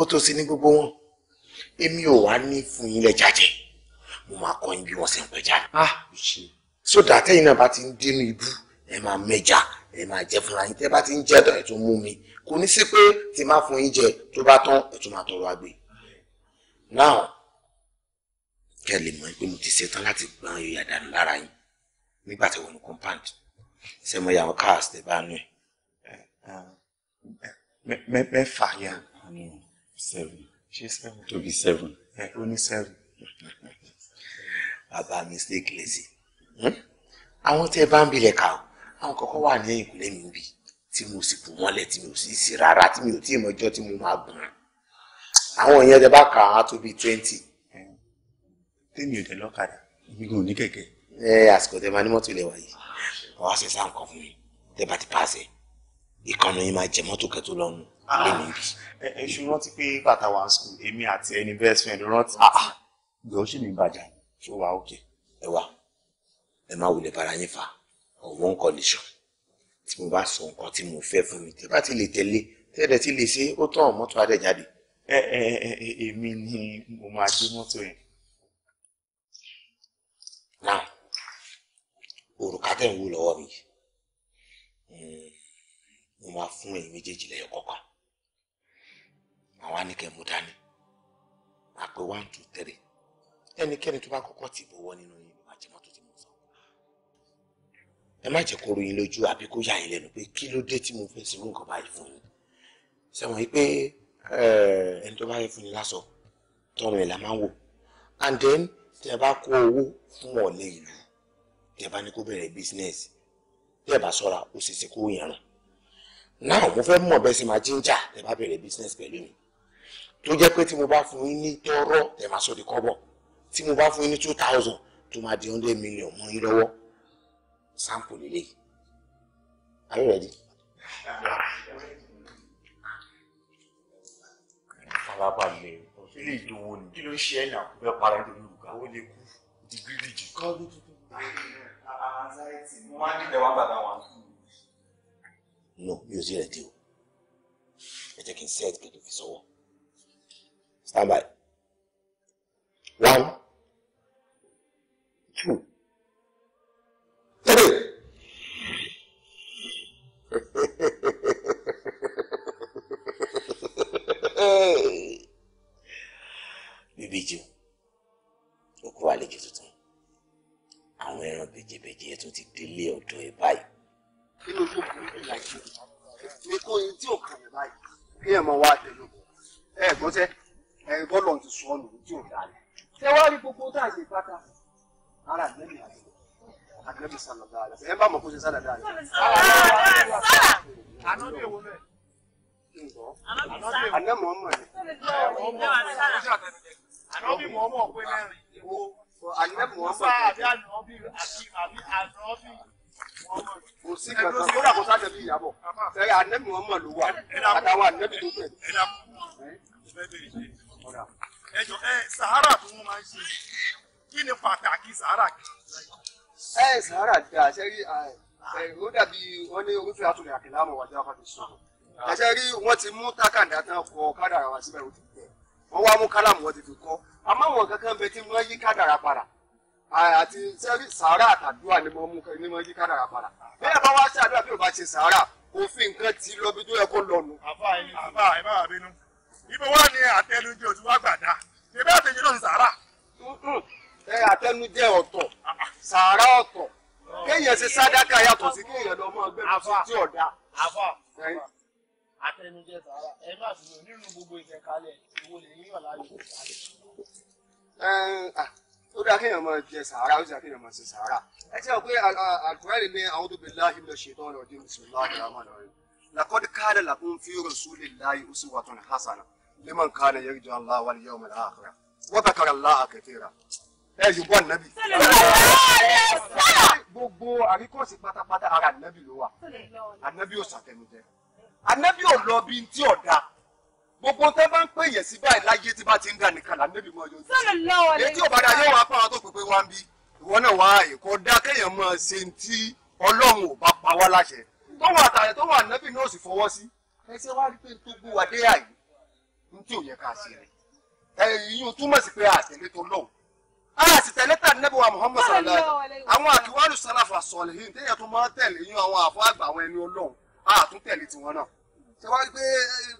ó tó sí ní gbogbo wọn èmi ò wá ní fún yín lẹ́jà jẹ mo máa kọ́ yín bí wọ́n ṣe ń pẹja. Ah, sódà tẹ́yìn náà bá ti ń dínú ibú ẹ máa mẹ́ja ẹ máa jẹ fúnra yín tẹ́ bá ti ń jẹ́ ẹ̀dọ̀ ẹ̀ tó mú mi kò ní sí pé tí má fún yín jẹ tó bá tán ẹ̀ tó máa tọrọ àgbè. now kẹ́ ẹ lè mọ̀ pé mo ti ṣetán láti gbọ́n ìyàdánù lára yín nígbà tí wọ́n ní compound ṣe mo yà wọ́n káàsì tẹ́ bá nù ẹ̀ mẹ́fà yẹn. seven ṣé seven tó bí seven. ẹ ó ní seven. bàbá mistake lèzi hmm? àwọn tẹ bá ń bilẹ̀ kà ó àwọn kọ̀ọ̀kan wà ní ìkúlẹ̀ mi bí tí mo sì bù mọ́lẹ̀ tí mo sì sí rárá tí mi ò tí ì mọjọ́ tí mo máa gùn àwọn èèyàn tẹ bá kà á tó bí twenty. tèmi ò dé lọ́kadà mi gùn ní kẹ̀kẹ́. ẹ àsìkò tẹ máa ní mọ́tò ilẹ̀ wáyé wàá ṣe sáà nǹkan fún mi tẹ bá ti pàṣẹ ìkànnì yìí máa jẹ mọ́tò kẹtù lọ́nu ilé ah. mi rí. ẹ ṣe rántí pé bàtà wà school èmi àti ẹni best friend rántí. Ah, ah. gbé ó sì ní ìbàjá ṣó wa òkè. ẹ wá ẹ má wulẹ̀ bára yín fa ọ̀wọ́ ń condition tí mo bá sọ nǹkan tí mo fẹ́ fún mi tẹ́ bá ti lè tẹ̀lé tẹ́lẹ̀ ti lè ṣe ó tán mọ́tò adẹ́jáde. ẹ ẹ ẹ èmi ni mo máa gbé mọ́tò yẹn. náà òrùka tẹ̀ ń wú lọ́wọ́ mi yìí mo máa fún ẹ̀yin méjèèjì lẹ́yọ kọ̀ọ̀kan màá wá ní kẹ́ mú dání màá pé one two three ẹnikẹ́ni tó bá kọ́kọ́ tì bọ́wọ́ nínú yín màá jẹ́ mọ́tò tí mo sọ ẹ má jẹ́ kó ru yín lójú àbí kó yà yín lẹ́nu pé kí ló dé tí mo fẹ́ ṣerú nǹkan báyìí fún yín sẹ́wọ̀n yìí pé eh, ẹni tó bá yẹ fún yín lásọ tọrọ ẹ̀ la máa ń wò and then tẹ bá kó owó fún ọ̀lẹ́ ìlú tẹ bá ní kó bẹ̀rẹ̀ business tẹ bá sọ́ra ó ṣeéṣe kó yẹn rùn now mo fẹ́ mọ̀ bẹ́ẹ̀ sì máa jíńjà ẹ bá bẹ̀rẹ̀ business pẹ̀lú mi tó jẹ́ pé tí mo bá fún yín ní tọ́rọ́ ẹ máa sọ di kọ́bọ̀ tí mo bá fún yín ní two thousand tó máa di hundred million mọ́ yín lọ́wọ́ sample lélẹ̀ are you ready. farabalẹ̀ ilé ìdòwò ni kí ló ń ṣe ẹ̀yà kó fẹ́ para nítorí olùkọ́ àwọn lè kú dìgírì jù. kọ́ bí tuntun. Ah, anxiety mo máa ń dìbẹ̀ wá bàbá wa no mi ò sí rẹ̀ dé o ẹ jẹ́ kí n set kí stand by one two three. bíbí jù òkú àlejò tuntun àwọn ẹran bèjèbèjè ẹ tún ti délé ọ̀dọ̀ ẹ báyìí tó ọmọ rẹ̀. àná bí mọ̀ ọmọ ọ̀pẹ mẹ́rin. àná mọ̀ ọmọ ọ̀pẹ mẹ́rin kò sí kankan kódà kò sáà tẹ̀lé ìyàbọ̀ ẹ ànẹ́bí wọn mọ̀ ló wà àtàwọn ànẹ́bí tó tẹ̀. ẹ jọ ẹ sahara tó wọn máa ń ṣe kí ni pàtàkì sahara kì í ṣe. ẹ sahara dáa ṣe rí ó dàbí wọn ní orúfẹ́ àtúnyà kìlá àmọ̀ wájú àfàdé sọ. ẹṣẹ ah. rí wọn ti mú tákàndá tán kọ kádàrà wá síbẹ̀ ó ti tẹ̀ wọ́n wá mú kálàmù wọn ti fi kọ́ àmọ́ àwọn kankan bẹ tí wọ́n yí kádàrà padà àti sẹ́rí sàárà àtàdúrà ni mo mú ni mo yí kádàrà padà bí ẹ bá wá ṣe àdúrà bí o bá ṣe sàárà òfin nǹkan ti lọ bí tó yẹ kó lọ nù. àbá ẹ àbá ẹ máa bínú ibo wá ní àtẹnujẹ òtún wá gbàdá ṣèbí àtẹnujẹ ló ń sàárà. ẹ àtẹnujẹ ọ̀tọ̀ ah, ah. sàárà ọ̀tọ̀ kéèyàn ṣe sádákà yàtọ̀ sí kéèyàn lọ mọ ọgbẹ́ mi tí ọ̀dà. àbá àtẹnujẹ sàárà ẹ má bínú nínú gbogbo ìtẹ̀kálẹ̀ ìwọlẹ̀ yíyọ̀ ó dáa kéèyàn máa jẹ sàárà ó sì dáa kéèyàn máa ṣe sàárà ẹ ti sọ pé àkùrẹ́rì ní a'udhu billahi minash shaitonir rajim bismillahir rahmanir rahim laqad kana lakum fi rasulillahi uswatun hasana liman kana yarju allaha wal yawmal akhir wa dhakara allaha katira ẹ yìí bọ́ nàbì. gbogbo àríkọ́sí pátápátá ara nàbì ló wà ànàbì ò sàtẹnudẹ ànàbì ò lọ bí ntí ọ̀dà gbogbo tẹ́ bá ń pè yẹn sí báyìí láyé tí bá ti ń dà nìkan là níbi mọ́ yọjú sí ètí ọ̀bàdà yóò wá fáwọn tó pèpè wá ń bí ìwọ náà wá èkó dá kéèyàn máa ṣe ti ọlọ́run ò bá pa wá láṣẹ tó wà tàyẹ tó wà nẹ́bì náà sì fọwọ́ sí ẹsẹ̀ wá rí pé tó gbó wa dé àyè ní tí ò yẹ ká ṣe rẹ̀ ẹ̀yìn túmọ̀ sí pé àtẹ̀lé tó lọ́wọ́ ara sì tẹ̀lé tà nẹ́bù wa Muhammad sallallahu alaihi àwọn àkíwárù sálàfà sọ̀lẹ̀ yìí téèyàn tó máa tẹ̀lé yín àwọn àfọ àgbà àwọn ẹni ọlọ́run àtúntẹ̀lé tiwọn náà ṣe wá rí pé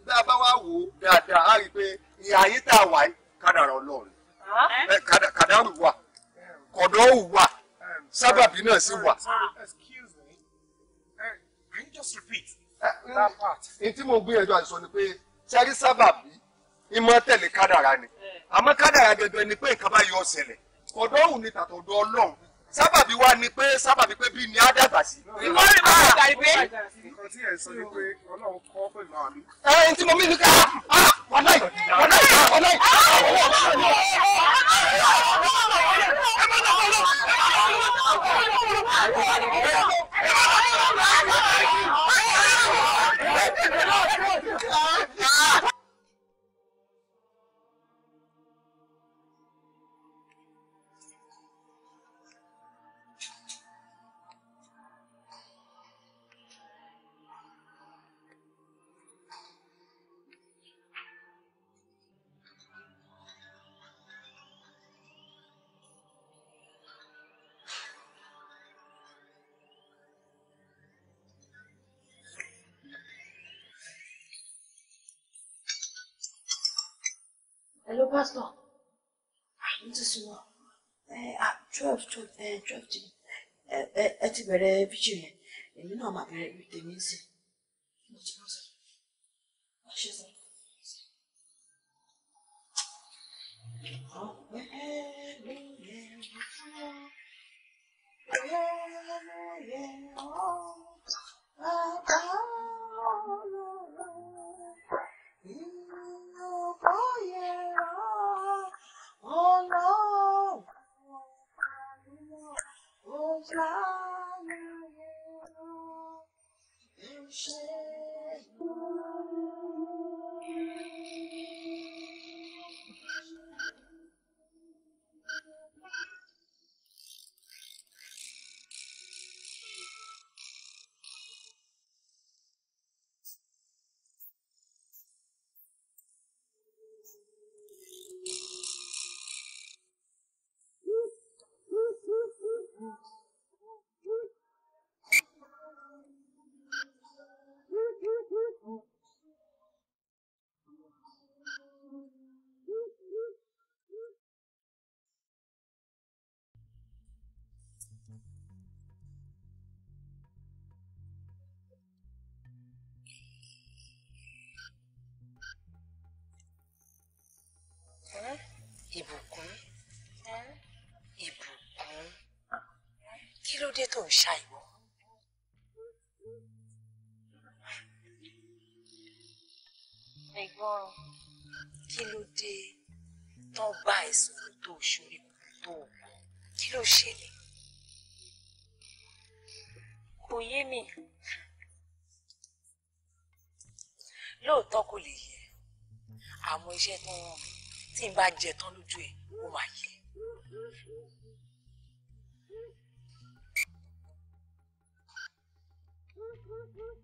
bá a bá wá wò ó dáadáa á rí i pé ìhà ayé tá a wà yìí kádàrà ọlọ́run ah. kádàrú wà kọ̀dọ́wù wà sábàbí náà sì wà. excuse me eh, can you just repeat eh, that part. n tí mo gbìyànjú àti sọ ni pé ṣẹ́rí sábàbí ìmọ̀ tẹ̀lé kádàrà ni eh. àmọ́ kádàrà gẹ́gẹ́ ni pé nǹkan bá yọ ọ̀sẹ̀lẹ̀ kọ̀dọ́wù ni tàtọ̀dọ̀ ọlọ́run sábàbí wa ni pé sábàbí pé bí ni á dàgbà sí. ìwọ rẹ̀ máa ń gbà ìgbé. nǹkan tí ẹ sọ ni pé ọlọ́run kọ́ pẹ̀lú àmì. ẹ ẹ tí mo mí ni ká ọ̀nà yìí ọ̀nà yìí ọ̀nà yìí. ẹ má lọ́kọ̀ lọ. ẹ má lọ́kọ̀ lọ. çok çok en çok e, e, eti böyle biçimi. Emin ama böyle bir demizi. Şey. Başlasın. Oh yeah. 他那夜，有谁？ṣá ìwọ. ẹ̀gbọ́n kí ló dé tán bá ẹ̀sùn tó ṣorí tó kí ló ṣẹlẹ̀ kò yé mi lóòótọ́ kò lè yẹ àmọ́ iṣẹ́ tó ń rán mi tí n bá jẹ tán lójú ẹ̀ ó máa yẹ burp, burp.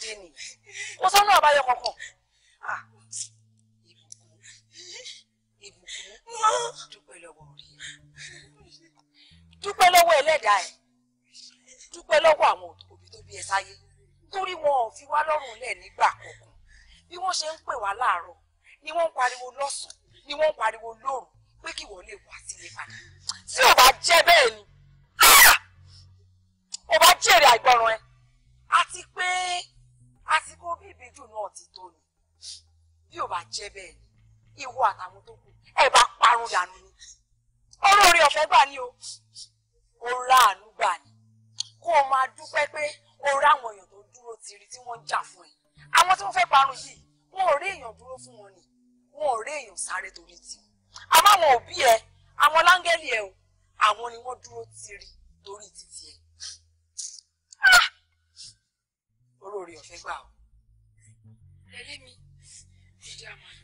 dé nìyí mo sọ náà bá yọ kankan ah. ìbùkún dúpẹ́ lọ́wọ́ rí dúpẹ́ lọ́wọ́ ẹlẹ́dàá ẹ̀ dúpẹ́ lọ́wọ́ àwọn òbí tó bí ẹ sáyé torí wọn ò fi wá lọ́rùn lẹ̀ nígbà kọ̀ọ̀kan bí wọ́n ṣe ń pè wá láàárọ̀ ni wọ́n ń pariwo lọ́sàn-án ni wọ́n ń pariwo lóru pé kí wọ́n lè wá sílé padà tí ò bá jẹ́ bẹ́ẹ̀ ni ah! ò bá jèrè àìgbọràn ẹ̀. bá jẹ́ bẹ́ẹ̀ ni ìwọ àtàwọn tó kù ẹ bá parun dànù ni ọ̀rọ̀ orí ọ̀fẹ́ gbà ní o ó ráàánú gbà ní kó o máa dúpẹ́ pé o ráwọn èèyàn tó dúró tiri tí wọ́n ń jà fún ẹ àwọn tí wọ́n fẹ́ parun yìí wọn ò rí èèyàn dúró fún wọn ni wọn ò rí èèyàn sáré torí tì àmọ́ àwọn òbí ẹ àwọn láńgẹ́lì ẹ o àwọn ni wọ́n dúró tiri torí títì ẹ ah! olórí ọ̀fẹ́ gbà o. Tẹ̀lé mi jẹ́ àmàlù.